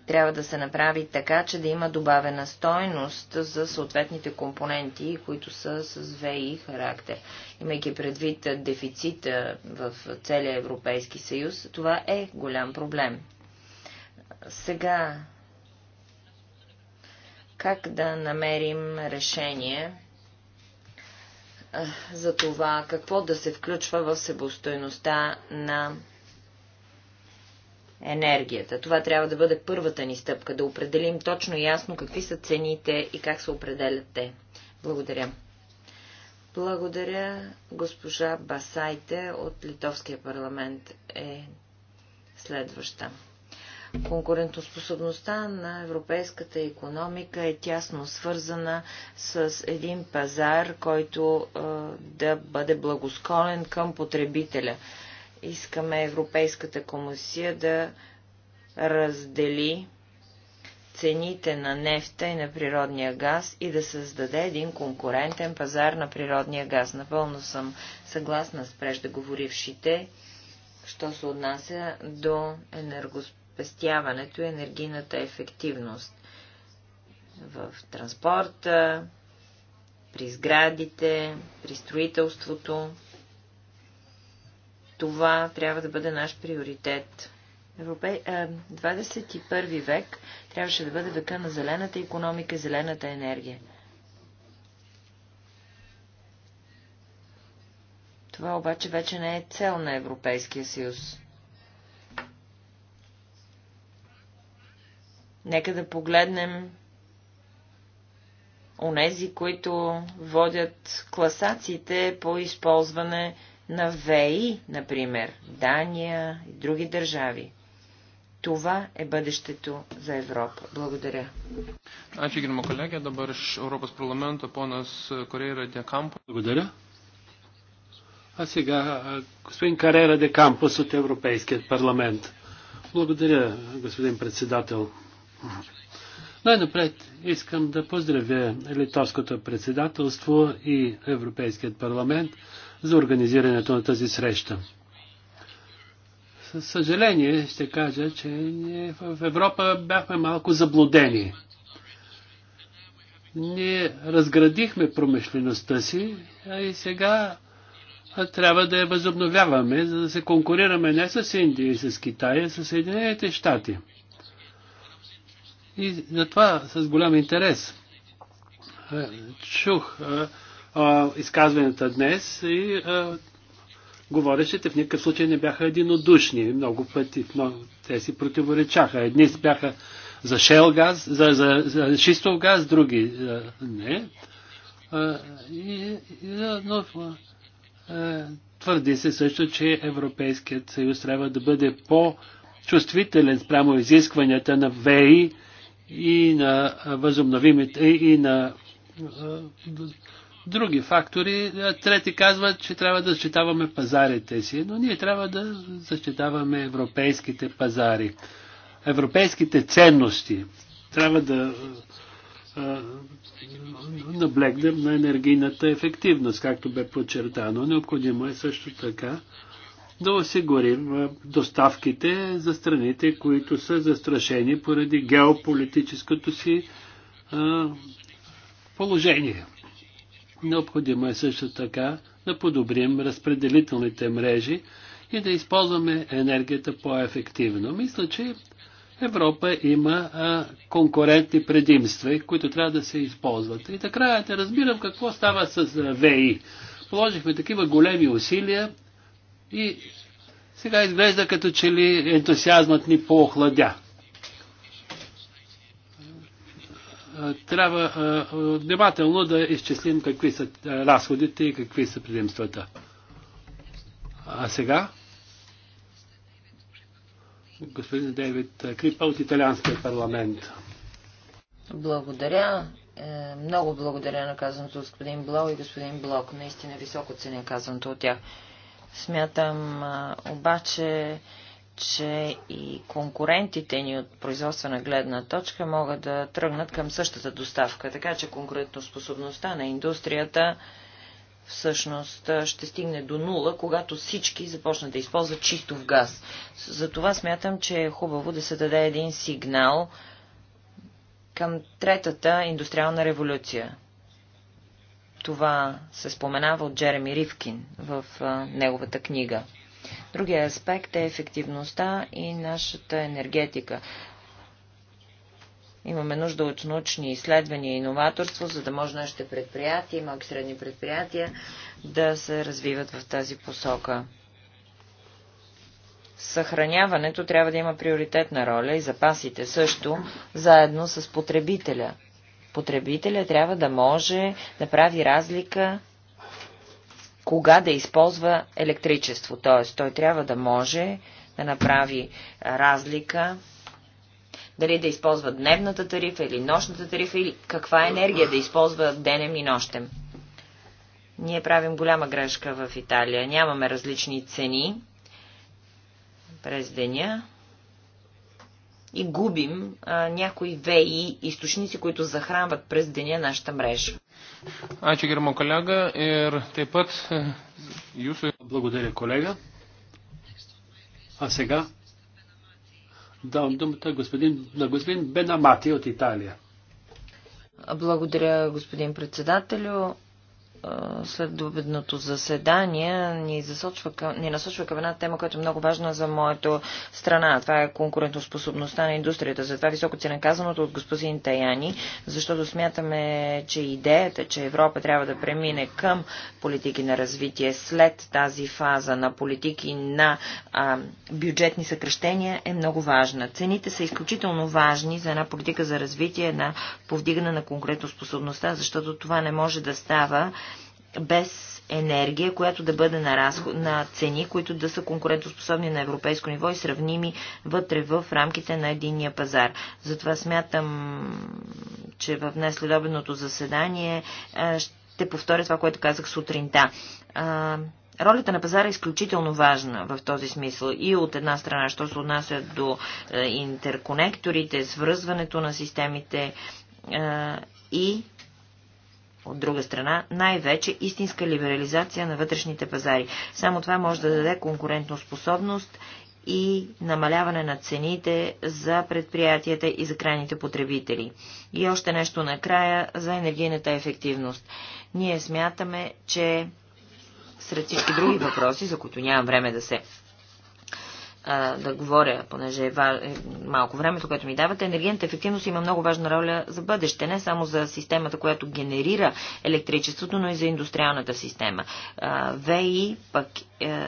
трябва да се направи така, че да има добавена стойност за съответните компоненти, които са с ВИ характер. Имайки предвид дефицита в целия Европейски съюз, това е голям проблем. Сега, как да намерим решение за това, какво да се включва в себостойността на енергията. Това трябва да бъде първата ни стъпка, да определим точно и ясно какви са цените и как се определят те. Благодаря. Благодаря. Госпожа Басайте от Литовския парламент е следваща. Конкурентоспособността на европейската економика е тясно свързана с един пазар, който е, да бъде благосклонен към потребителя. Искаме Европейската комисия да раздели цените на нефта и на природния газ и да създаде един конкурентен пазар на природния газ. Напълно съм съгласна с преждеговорившите, що се отнася до енергоспестяването и енергийната ефективност в транспорта, при сградите, при строителството. Това трябва да бъде наш приоритет. Европе... 21 е, век трябваше да бъде века на зелената економика и зелената енергия. Това обаче вече не е цел на Европейския съюз. Нека да погледнем онези, които водят класациите по използване на ВЕИ, например, Дания и други държави. Това е бъдещето за Европа. Благодаря. колеги, gerimo kolegė. Европа с парламента, по нас Корейра де Кампус. Благодаря. А сега господин Карера де Кампус от Европейският парламент. Благодаря, господин председател. Най-напред искам да поздравя Литовското председателство и Европейският парламент – за организирането на тази среща. Със съжаление ще кажа, че ние в Европа бяхме малко заблудени. Ние разградихме промишлеността си а и сега трябва да я възобновяваме, за да се конкурираме не с Индия и с Китай, а с Съединените щати. И затова с голям интерес чух а, изказванията днес и а, говорещите в никакъв случай не бяха единодушни. Много пъти но те си противоречаха. Едни бяха за шел газ, за, за, за шистов газ, други а, не. А, и, и, но, а, твърди се също, че Европейският съюз трябва да бъде по-чувствителен спрямо изискванията на ВЕИ и на възобновимите и на други фактори. Е, трети казват, че трябва да защитаваме пазарите си, но ние трябва да защитаваме европейските пазари, европейските ценности. Трябва да е, наблегнем на енергийната ефективност, както бе подчертано. Необходимо е също така да осигурим е, доставките за страните, които са застрашени поради геополитическото си положение. Необходимо е също така да подобрим разпределителните мрежи и да използваме енергията по-ефективно. Мисля, че Европа има а, конкурентни предимства, които трябва да се използват. И така да разбирам какво става с ВИ. Положихме такива големи усилия и сега изглежда като че ли ентусиазмът ни поохладя. Е, трябва е, е, внимателно да изчислим какви са разходите и какви са предимствата. А сега? Господин Дейвид Крипа от Италианския парламент. Благодаря. Много благодаря на казаното от господин Бло и господин Блок. Наистина високо ценя казаното от тях. Смятам обаче, че и конкурентите ни от производствена гледна точка могат да тръгнат към същата доставка, така че конкурентоспособността на индустрията всъщност ще стигне до нула, когато всички започнат да използват чистов газ. Затова смятам, че е хубаво да се даде един сигнал към третата индустриална революция. Това се споменава от Джереми Ривкин в неговата книга. Другия аспект е ефективността и нашата енергетика. Имаме нужда от научни изследвания и иноваторство, за да може нашите предприятия, малки средни предприятия, да се развиват в тази посока. Съхраняването трябва да има приоритетна роля и запасите също, заедно с потребителя. Потребителя трябва да може да прави разлика кога да използва електричество. Т.е. той трябва да може да направи разлика дали да използва дневната тарифа или нощната тарифа или каква енергия да използва денем и нощем. Ние правим голяма грешка в Италия. Нямаме различни цени през деня и губим а, някои ВИ източници, които захранват през деня нашата мрежа. Ačiū gerimo kolega ir taip pat e, jūsų. Благодаря, колега. А сега дам думата господин, на господин Бенамати от Италия. Благодаря, господин председателю следобедното заседание ни, засочва ни насочва към една тема, която е много важна за моето страна. Това е конкурентоспособността на индустрията. Затова високо ценя казаното от господин Таяни, защото смятаме, че идеята, че Европа трябва да премине към политики на развитие след тази фаза на политики на а, бюджетни съкрещения е много важна. Цените са изключително важни за една политика за развитие, една повдигане на конкурентоспособността, защото това не може да става без енергия, която да бъде на, разход, на цени, които да са конкурентоспособни на европейско ниво и сравними вътре в рамките на единния пазар. Затова смятам, че в днес следобедното заседание ще повторя това, което казах сутринта. Ролята на пазара е изключително важна в този смисъл и от една страна, що се отнася до интерконекторите, свързването на системите и от друга страна, най-вече истинска либерализация на вътрешните пазари. Само това може да даде конкурентоспособност и намаляване на цените за предприятията и за крайните потребители. И още нещо накрая за енергийната ефективност. Ние смятаме, че сред всички други въпроси, за които нямам време да се а, да говоря, понеже е, ва... е малко времето, което ми давате, енергийната ефективност има много важна роля за бъдеще, не само за системата, която генерира електричеството, но и за индустриалната система. А, ВИ пък е,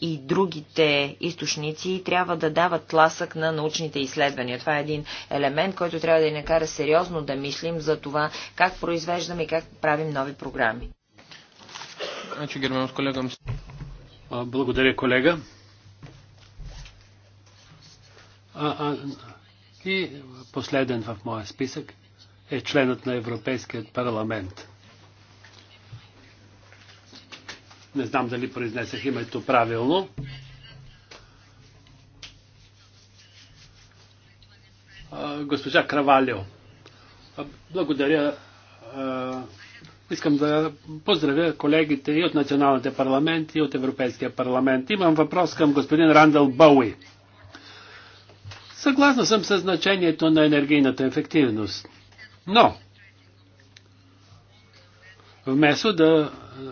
и другите източници трябва да дават тласък на научните изследвания. Това е един елемент, който трябва да ни накара сериозно да мислим за това как произвеждаме и как правим нови програми. Значи, благодаря, колега. А, а, и последен в моя списък е членът на Европейският парламент. Не знам дали произнесах името правилно. госпожа Кравалио. Благодаря. Искам да поздравя колегите и от националните парламенти, и от Европейския парламент. Имам въпрос към господин Рандъл Боуи. Съгласна съм със значението на енергийната ефективност. Но, вместо да е,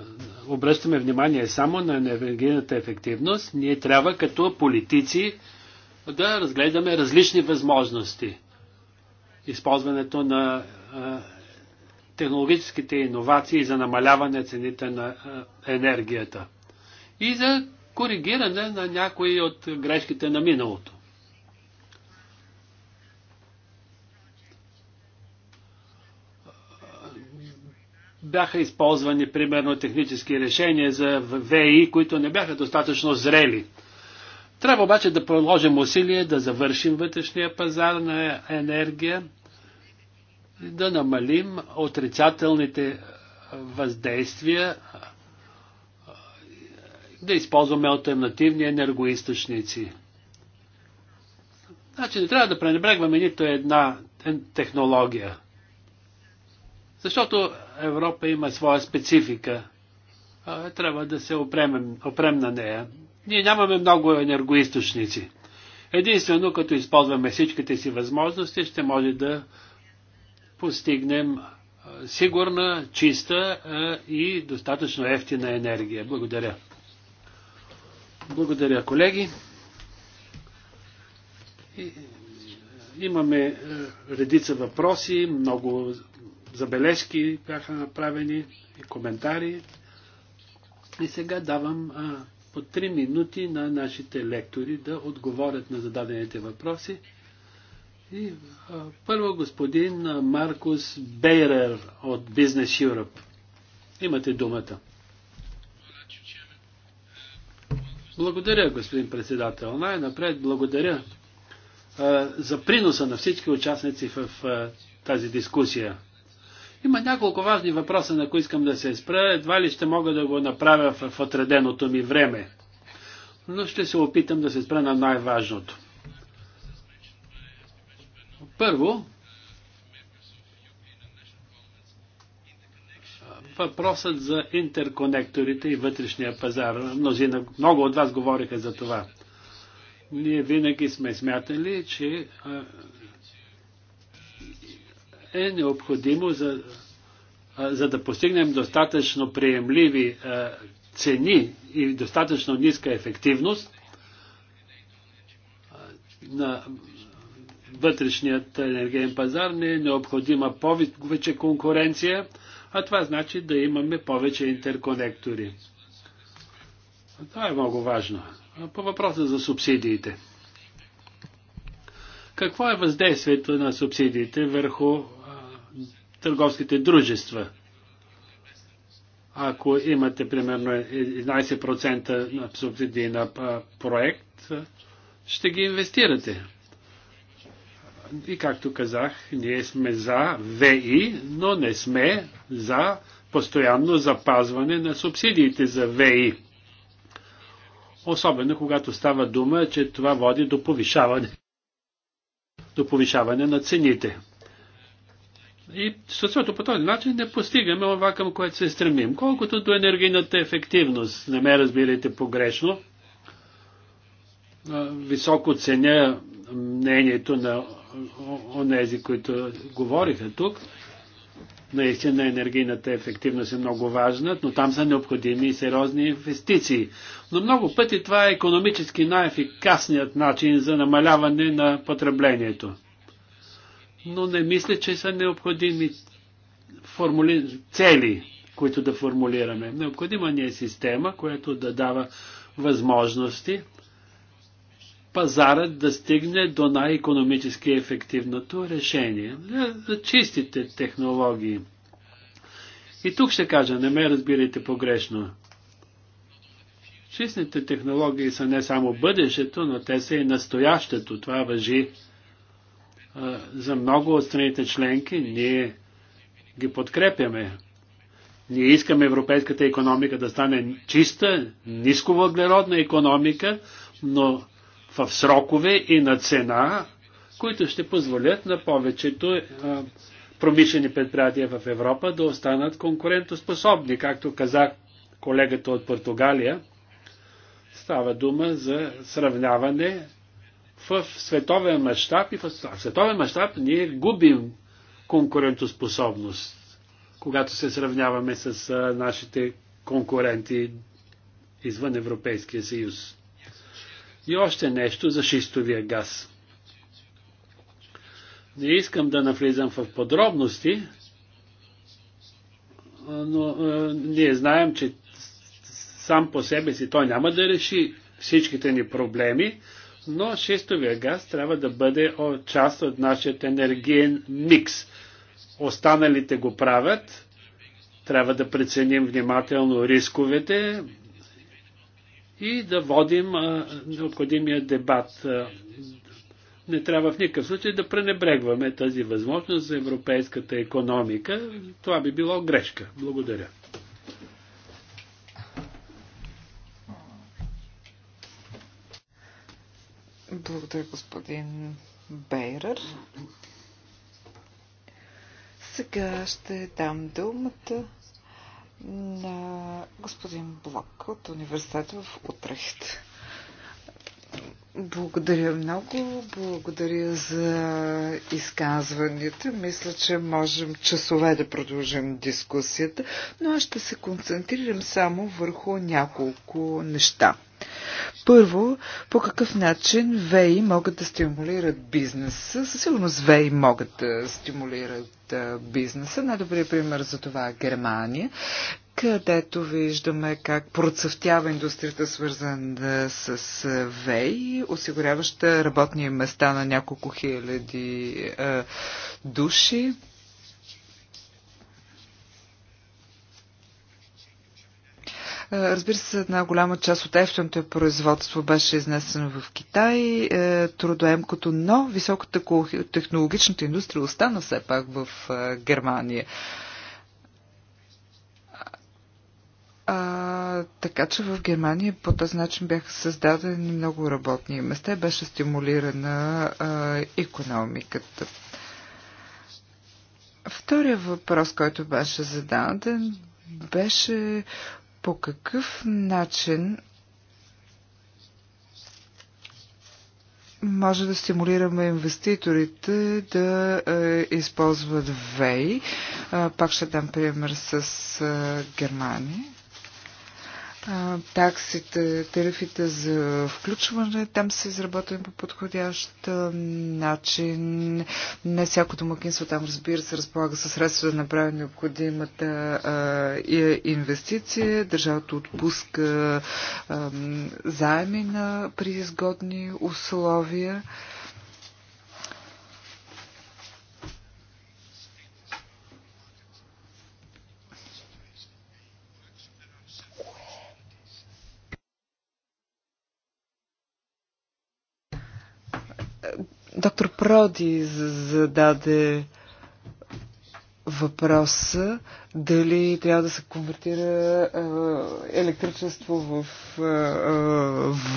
обръщаме внимание само на енергийната ефективност, ние трябва като политици да разгледаме различни възможности. Използването на е, технологическите иновации за намаляване цените на е, енергията и за коригиране на някои от грешките на миналото. бяха използвани примерно технически решения за ВИ, които не бяха достатъчно зрели. Трябва обаче да положим усилие да завършим вътрешния пазар на енергия, да намалим отрицателните въздействия, да използваме альтернативни енергоисточници. Значи не трябва да пренебрегваме нито една технология. Защото Европа има своя специфика. Трябва да се опремем, опрем на нея. Ние нямаме много енергоисточници. Единствено, като използваме всичките си възможности, ще може да постигнем сигурна, чиста и достатъчно ефтина енергия. Благодаря. Благодаря, колеги. Имаме редица въпроси, много забележки бяха направени и коментари. И сега давам а, по 3 минути на нашите лектори да отговорят на зададените въпроси. И а, първо господин Маркус Бейрер от Business Europe. Имате думата. Благодаря, господин председател. Най-напред благодаря а, за приноса на всички участници в а, тази дискусия. Има няколко важни въпроса, на които искам да се спра. Едва ли ще мога да го направя в отреденото ми време. Но ще се опитам да се спра на най-важното. Първо, въпросът за интерконекторите и вътрешния пазар. Мнозина, много от вас говориха за това. Ние винаги сме смятали, че е необходимо за, за да постигнем достатъчно приемливи цени и достатъчно ниска ефективност на вътрешният енергиен пазар не е необходима повече конкуренция, а това значи да имаме повече интерконектори. Това е много важно. По въпроса за субсидиите. Какво е въздействието на субсидиите върху търговските дружества. Ако имате примерно 11% субсидии на проект, ще ги инвестирате. И както казах, ние сме за ВИ, но не сме за постоянно запазване на субсидиите за ВИ. Особено когато става дума, че това води до повишаване, до повишаване на цените. И съответно по този начин не постигаме това, към което се стремим. Колкото до енергийната ефективност, не ме разбирайте погрешно, високо ценя мнението на онези, които говориха тук. Наистина енергийната ефективност е много важна, но там са необходими и сериозни инвестиции. Но много пъти това е економически най-ефикасният начин за намаляване на потреблението но не мисля, че са необходими формули... цели, които да формулираме. Необходима ни е система, която да дава възможности пазарът да стигне до най-економически ефективното решение е, за чистите технологии. И тук ще кажа, не ме разбирайте погрешно. Чистите технологии са не само бъдещето, но те са и настоящето. Това въжи за много от страните членки ние ги подкрепяме. Ние искаме европейската економика да стане чиста, нисковъглеродна економика, но в срокове и на цена, които ще позволят на повечето промишлени предприятия в Европа да останат конкурентоспособни. Както каза колегата от Португалия, става дума за сравняване в световен мащаб и в световен мащаб ние губим конкурентоспособност, когато се сравняваме с нашите конкуренти извън Европейския съюз. И още нещо за шистовия газ. Не искам да навлизам в подробности, но е, ние знаем, че сам по себе си той няма да реши всичките ни проблеми, но шестовия газ трябва да бъде част от нашия енергиен микс. Останалите го правят, трябва да преценим внимателно рисковете и да водим а, необходимия дебат. Не трябва в никакъв случай да пренебрегваме тази възможност за европейската економика. Това би било грешка. Благодаря. Благодаря, господин Бейрър. Сега ще дам думата на господин Блок от университета в Утрехт. Благодаря много. Благодаря за изказванията. Мисля, че можем часове да продължим дискусията, но аз ще се концентрирам само върху няколко неща. Първо, по какъв начин ВЕИ могат да стимулират бизнеса? Със сигурност ВЕИ могат да стимулират бизнеса. Най-добрият пример за това е Германия където виждаме как процъфтява индустрията, свързана с ВЕЙ, осигуряваща работни места на няколко хиляди души. Разбира се, една голяма част от ефтоното производство беше изнесено в Китай, е, трудоемкото, но високата технологичната индустрия остана все пак в е, Германия. А, така че в Германия по този начин бяха създадени много работни места и беше стимулирана а, економиката. Втория въпрос, който беше зададен, беше по какъв начин може да стимулираме инвеститорите да е, използват ВЕИ. Пак ще дам пример с е, Германия таксите, тарифите за включване, там са изработени по подходящ начин. Не всяко домакинство там, разбира се, разполага със средства да направи необходимата а, инвестиция. Държавата отпуска а, заеми на при изгодни условия. А, Доктор Проди зададе въпроса дали трябва да се конвертира електричество в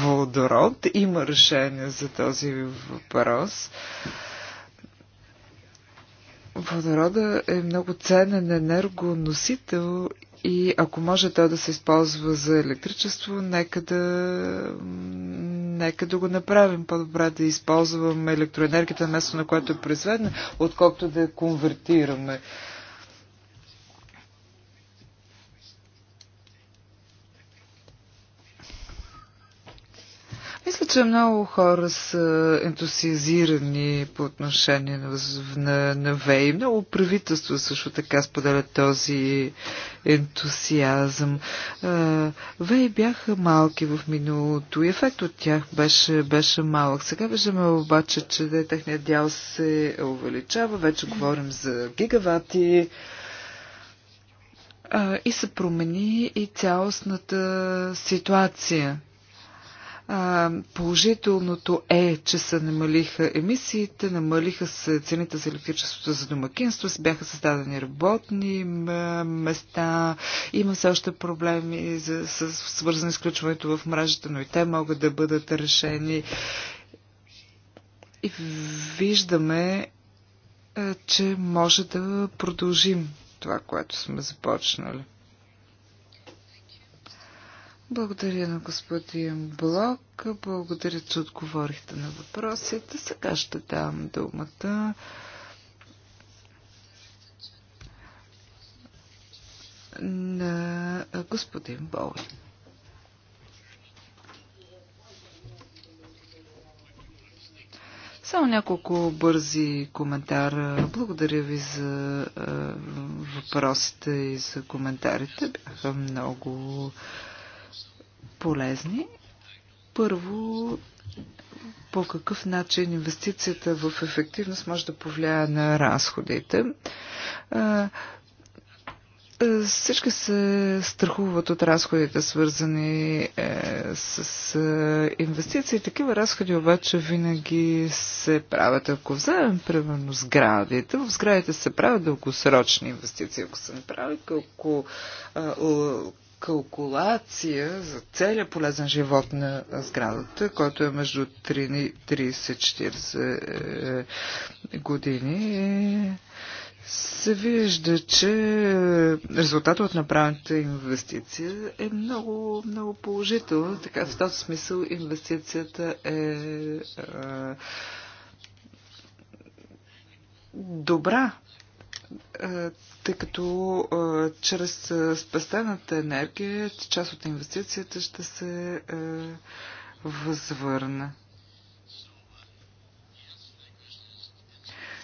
водород. Има решение за този въпрос. Водорода е много ценен енергоносител и ако може той да се използва за електричество, нека да нека да го направим. По-добре да използваме електроенергията на место, на което е произведена, отколкото да я конвертираме. Мисля, че много хора са ентусиазирани по отношение на, на, на ВЕИ. Много правителства също така споделят този ентусиазъм. ВЕИ бяха малки в миналото и ефект от тях беше, беше малък. Сега виждаме обаче, че техният дял се увеличава. Вече говорим за гигавати и се промени и цялостната ситуация. Положителното е, че се намалиха емисиите, намалиха се цените за електричеството за домакинство, бяха създадени работни места, има все още проблеми за, с, свързани с в мрежата, но и те могат да бъдат решени. И виждаме, че може да продължим това, което сме започнали. Благодаря на господин Блок. Благодаря, че отговорихте на въпросите. Сега ще дам думата на господин Боли. Само няколко бързи коментара. Благодаря ви за е, въпросите и за коментарите. Бяха много полезни. Първо, по какъв начин инвестицията в ефективност може да повлияе на разходите. Всички се страхуват от разходите, свързани е, с е, инвестиции. Такива разходи обаче винаги се правят. Ако вземем, примерно, сградите, в сградите се правят дългосрочни инвестиции. Ако се направи, ако е, калкулация за целия полезен живот на сградата, който е между 30-40 е, години, се вижда, че резултатът от направената инвестиция е много, много положителен. Така, в този смисъл инвестицията е, е добра е, тъй като е, чрез е, спестената енергия част от инвестицията ще се възвърне.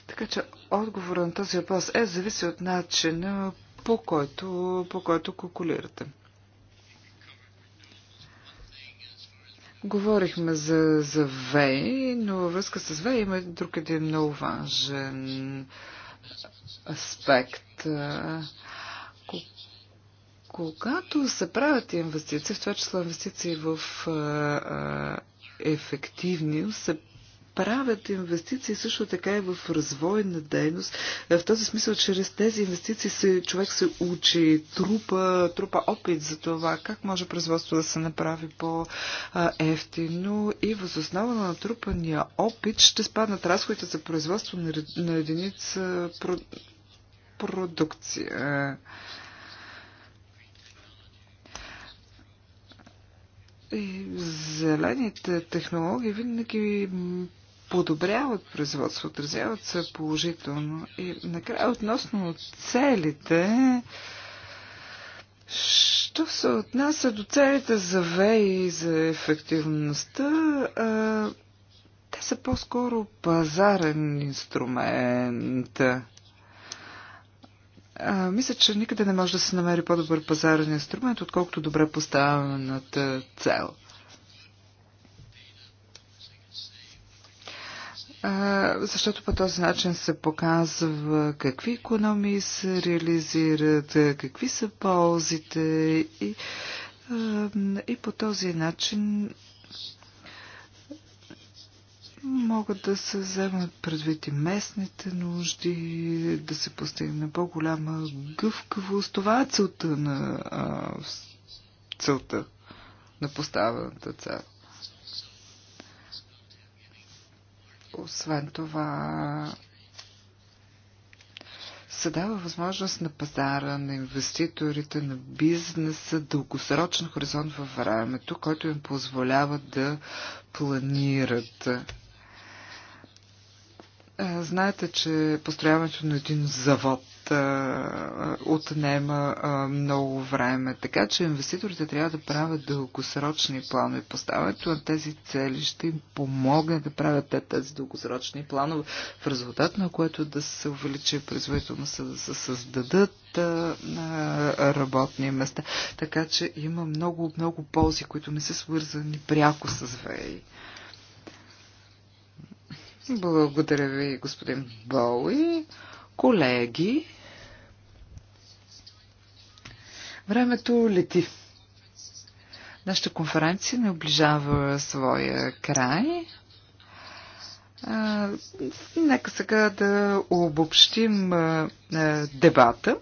Така че отговор на този въпрос е зависи от начина по който, по който калкулирате. Говорихме за, за Вей, но във връзка с ВЕИ има друг един много важен аспект. Когато се правят инвестиции, в това число инвестиции в ефективни, се правят инвестиции също така и в развойна дейност. В този смисъл, чрез тези инвестиции се, човек се учи, трупа, трупа опит за това, как може производство да се направи по-ефтино и възоснова на трупания опит ще спаднат разходите за производство на единица продукция. И зелените технологии винаги подобряват производство, отразяват се положително. И накрая относно целите, що се отнася до целите за ВЕИ и за ефективността, те са по-скоро пазарен инструмент. А, мисля, че никъде не може да се намери по-добър пазарен инструмент, отколкото добре поставената цел. защото по този начин се показва какви економии се реализират, какви са ползите и, и по този начин могат да се вземат предвид и местните нужди, да се постигне по-голяма гъвкавост. Това е целта на а, целта на поставената цел. Освен това, се дава възможност на пазара, на инвеститорите, на бизнеса дългосрочен хоризонт във времето, който им позволява да планират. Е, знаете, че построяването на един завод е, отнема е, много време. Така че инвеститорите трябва да правят дългосрочни планове. Поставянето на тези цели ще им помогне да правят те тези дългосрочни планове, в резултат на което да се увеличи производителността, да се създадат работни места. Така че има много, много ползи, които не са свързани пряко с ВЕИ. Благодаря ви, господин Боуи. Колеги, времето лети. Нашата конференция не оближава своя край. А, нека сега да обобщим а, а, дебата.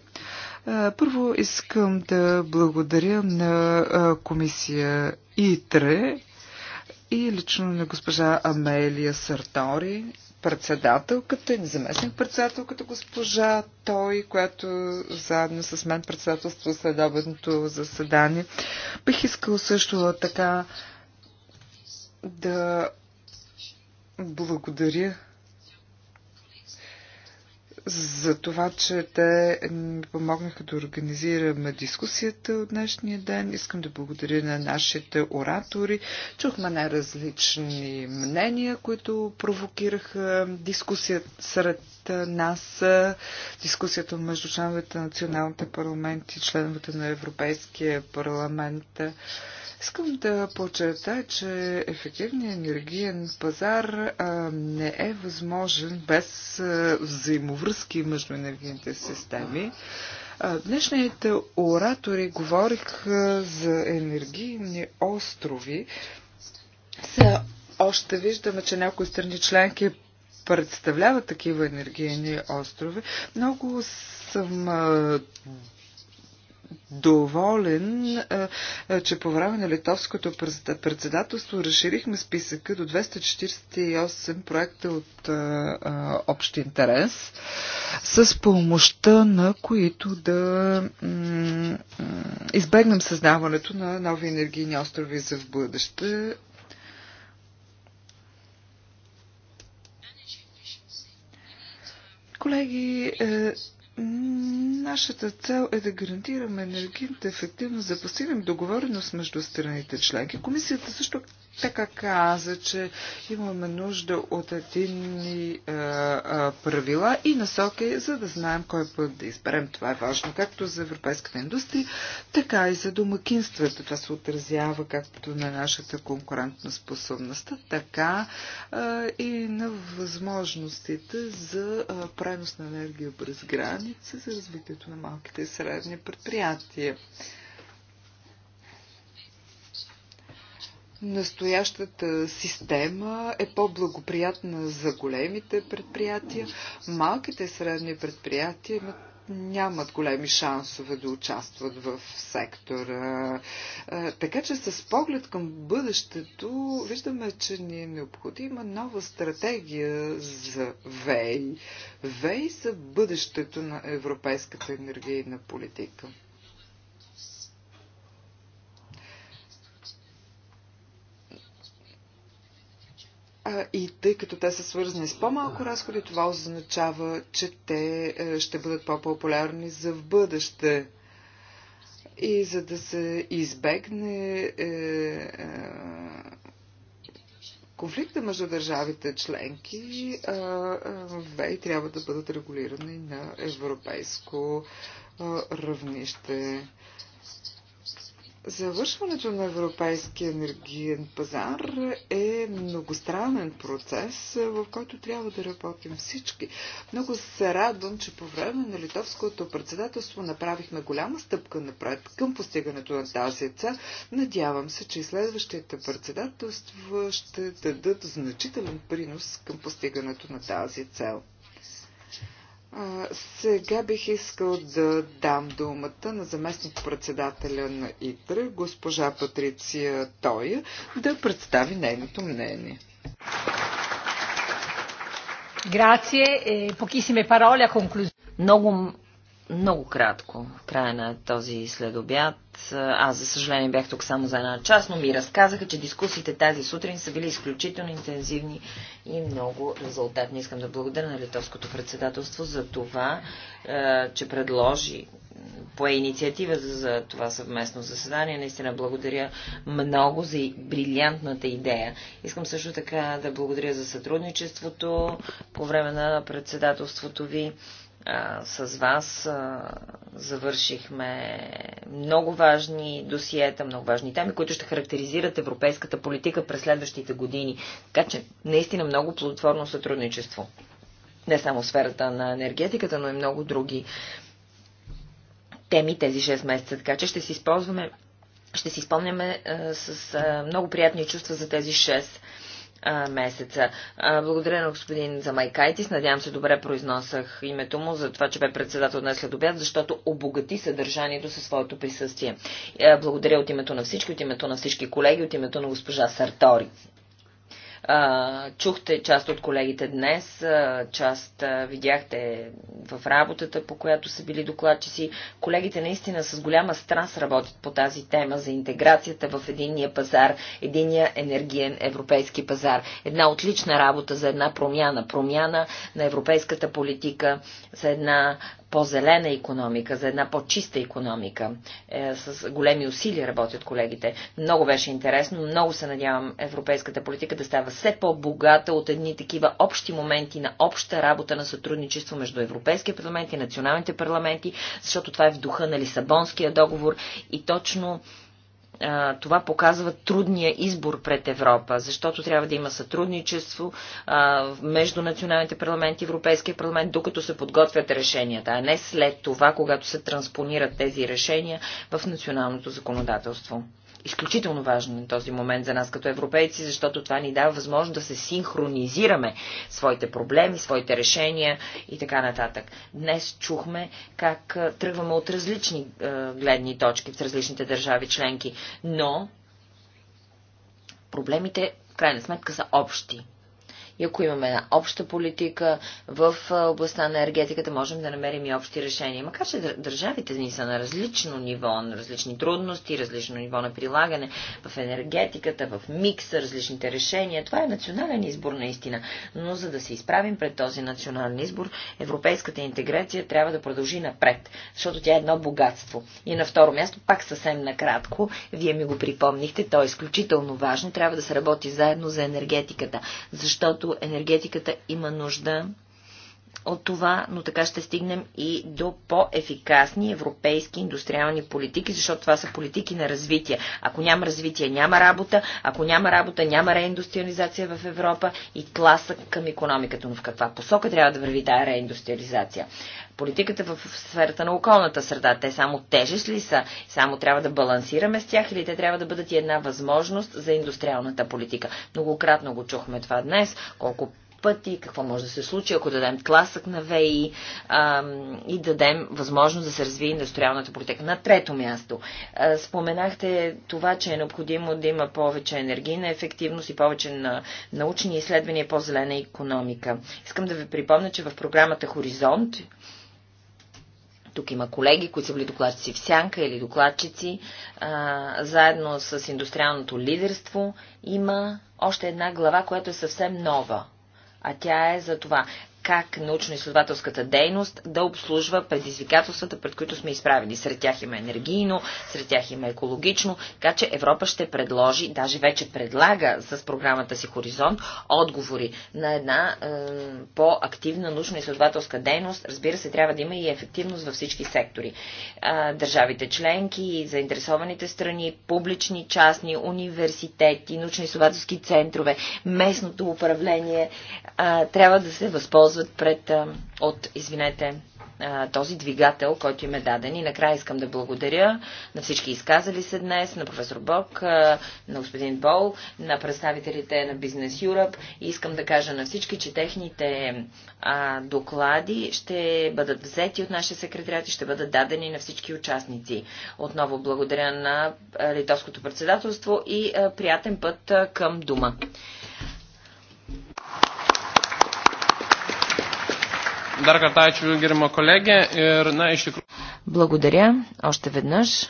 А, първо искам да благодаря на а, комисия ИТРЕ и лично на госпожа Амелия Сартори, председателката и заместник-председателката госпожа Той, която заедно с мен председателство следобедното заседание. Бих искал също така да благодаря за това, че те ми помогнаха да организираме дискусията от днешния ден. Искам да благодаря на нашите оратори. Чухме най-различни мнения, които провокираха дискусия сред нас дискусията между членовете на националните парламенти и членовете на Европейския парламент. Искам да подчертая, че ефективният енергиен пазар а, не е възможен без а, взаимовръзки между енергийните системи. А, днешните оратори говориха за енергийни острови. Са още виждаме, че някои страни членки представляват такива енергийни острови. Много съм доволен, че по време на литовското председателство разширихме списъка до 248 проекта от общ интерес, с помощта на които да избегнем създаването на нови енергийни острови за в бъдеще. Колеги, е, Нашата цел е да гарантираме енергийната ефективност, да постигнем договореност между страните членки. Комисията също така каза, че имаме нужда от единни правила и насоки, за да знаем кой път да изберем. Това е важно както за европейската индустрия, така и за домакинствата. Това се отразява както на нашата конкурентна способност, така а, и на възможностите за а, пренос на енергия през граница, за развитието на малките и средни предприятия. Настоящата система е по-благоприятна за големите предприятия. Малките и средни предприятия имат нямат големи шансове да участват в сектора. Е, така че с поглед към бъдещето виждаме, че ни е необходима нова стратегия за ВЕЙ. ВЕЙ за бъдещето на европейската енергийна политика. И тъй като те са свързани с по-малко разходи, това означава, че те е, ще бъдат по-популярни за в бъдеще. И за да се избегне е, е, конфликта между държавите членки, е, е, ВЕИ трябва да бъдат регулирани на европейско е, равнище. Завършването на европейския енергиен пазар е многостранен процес, в който трябва да работим всички. Много се радвам, че по време на литовското председателство направихме голяма стъпка напред към постигането на тази цел. Надявам се, че и следващите председателства ще дадат значителен принос към постигането на тази цел сега бих искал да дам думата на заместник-председателя на ИТР, госпожа Патриция Тоя, да представи нейното мнение. Е Много много кратко, в края на този следобяд. Аз, за съжаление, бях тук само за една част, но ми разказаха, че дискусиите тази сутрин са били изключително интензивни и много резултатни. Искам да благодаря на Литовското председателство за това, е, че предложи пое инициатива за това съвместно заседание. Наистина благодаря много за брилянтната идея. Искам също така да благодаря за сътрудничеството по време на председателството ви а, с вас. А, завършихме много важни досиета, много важни теми, които ще характеризират европейската политика през следващите години. Така че, наистина много плодотворно сътрудничество. Не само в сферата на енергетиката, но и много други теми тези 6 месеца. Така че ще си използваме ще си спомняме а, с а, много приятни чувства за тези 6 месеца. благодаря на господин Замайкайтис. Надявам се добре произносах името му за това, че бе председател днес след обяд, защото обогати съдържанието със своето присъствие. благодаря от името на всички, от името на всички колеги, от името на госпожа Сартори. Чухте част от колегите днес, част видяхте в работата, по която са били докладчици. Колегите наистина с голяма страст работят по тази тема за интеграцията в единния пазар, единия енергиен европейски пазар. Една отлична работа за една промяна. Промяна на европейската политика, за една по-зелена економика, за една по-чиста економика. Е, с големи усилия работят колегите. Много беше интересно, много се надявам европейската политика да става все по-богата от едни такива общи моменти на обща работа на сътрудничество между Европейския парламент и националните парламенти, защото това е в духа на Лисабонския договор и точно това показва трудния избор пред Европа, защото трябва да има сътрудничество между националните парламенти и Европейския парламент, докато се подготвят решенията, а не след това, когато се транспонират тези решения в националното законодателство изключително важно на този момент за нас като европейци, защото това ни дава възможност да се синхронизираме своите проблеми, своите решения и така нататък. Днес чухме как тръгваме от различни гледни точки в различните държави членки, но проблемите в крайна сметка са общи. И ако имаме една обща политика в областта на енергетиката, можем да намерим и общи решения. Макар че държавите ни са на различно ниво, на различни трудности, различно ниво на прилагане в енергетиката, в микса, различните решения. Това е национален избор наистина. Но за да се изправим пред този национален избор, европейската интеграция трябва да продължи напред, защото тя е едно богатство. И на второ място, пак съвсем накратко, вие ми го припомнихте, то е изключително важно, трябва да се работи заедно за енергетиката, защото енергетиката има нужда от това, но така ще стигнем и до по-ефикасни европейски индустриални политики, защото това са политики на развитие. Ако няма развитие, няма работа, ако няма работа, няма реиндустриализация в Европа и тласък към економиката. Но в каква посока трябва да върви тази реиндустриализация? Политиката в сферата на околната среда, те само тежест ли са? Само трябва да балансираме с тях или те трябва да бъдат и една възможност за индустриалната политика? Многократно го чухме това днес, колко пъти, какво може да се случи, ако дадем тласък на ВИ а, и дадем възможност да се развие индустриалната политика. На трето място, а, споменахте това, че е необходимо да има повече енергийна ефективност и повече на научни изследвания по-зелена економика. Искам да ви припомня, че в програмата Хоризонт тук има колеги, които са били докладчици в Сянка или докладчици. А, заедно с индустриалното лидерство има още една глава, която е съвсем нова а тя е за това как научно-изследователската дейност да обслужва предизвикателствата, пред които сме изправени. Сред тях има енергийно, сред тях има екологично, така че Европа ще предложи, даже вече предлага с програмата си Хоризонт, отговори на една е, по-активна научно-изследователска дейност. Разбира се, трябва да има и ефективност във всички сектори. Е, държавите членки, заинтересованите страни, публични, частни, университети, научно-изследователски центрове, местното управление е, трябва да се възползват възползват пред, от, извинете, този двигател, който им е даден. И накрая искам да благодаря на всички изказали се днес, на професор Бог, на господин Бол, на представителите на Бизнес Юрап. И искам да кажа на всички, че техните доклади ще бъдат взети от нашия секретариат и ще бъдат дадени на всички участници. Отново благодаря на Литовското председателство и приятен път към дума. Dar kartą ačiū, gerimo kolegė. Ir, na, iš tikrųjų. Благодаря още веднъж.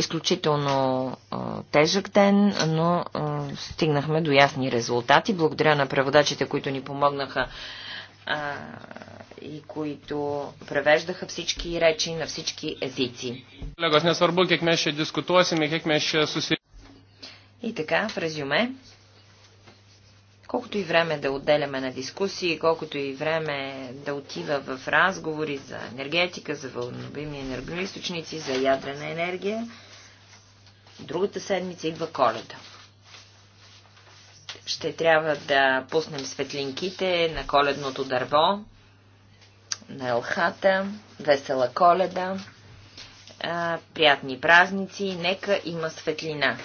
Изключително а, тежък ден, но а, стигнахме до ясни резултати. Благодаря на преводачите, които ни помогнаха а, и които превеждаха всички речи на всички езици. И така, в резюме, Колкото и време да отделяме на дискусии, колкото и време да отива в разговори за енергетика, за вълнобими енергоисточници, за ядрена енергия, другата седмица идва коледа. Ще трябва да пуснем светлинките на коледното дърво, на елхата, весела коледа, приятни празници, нека има светлина.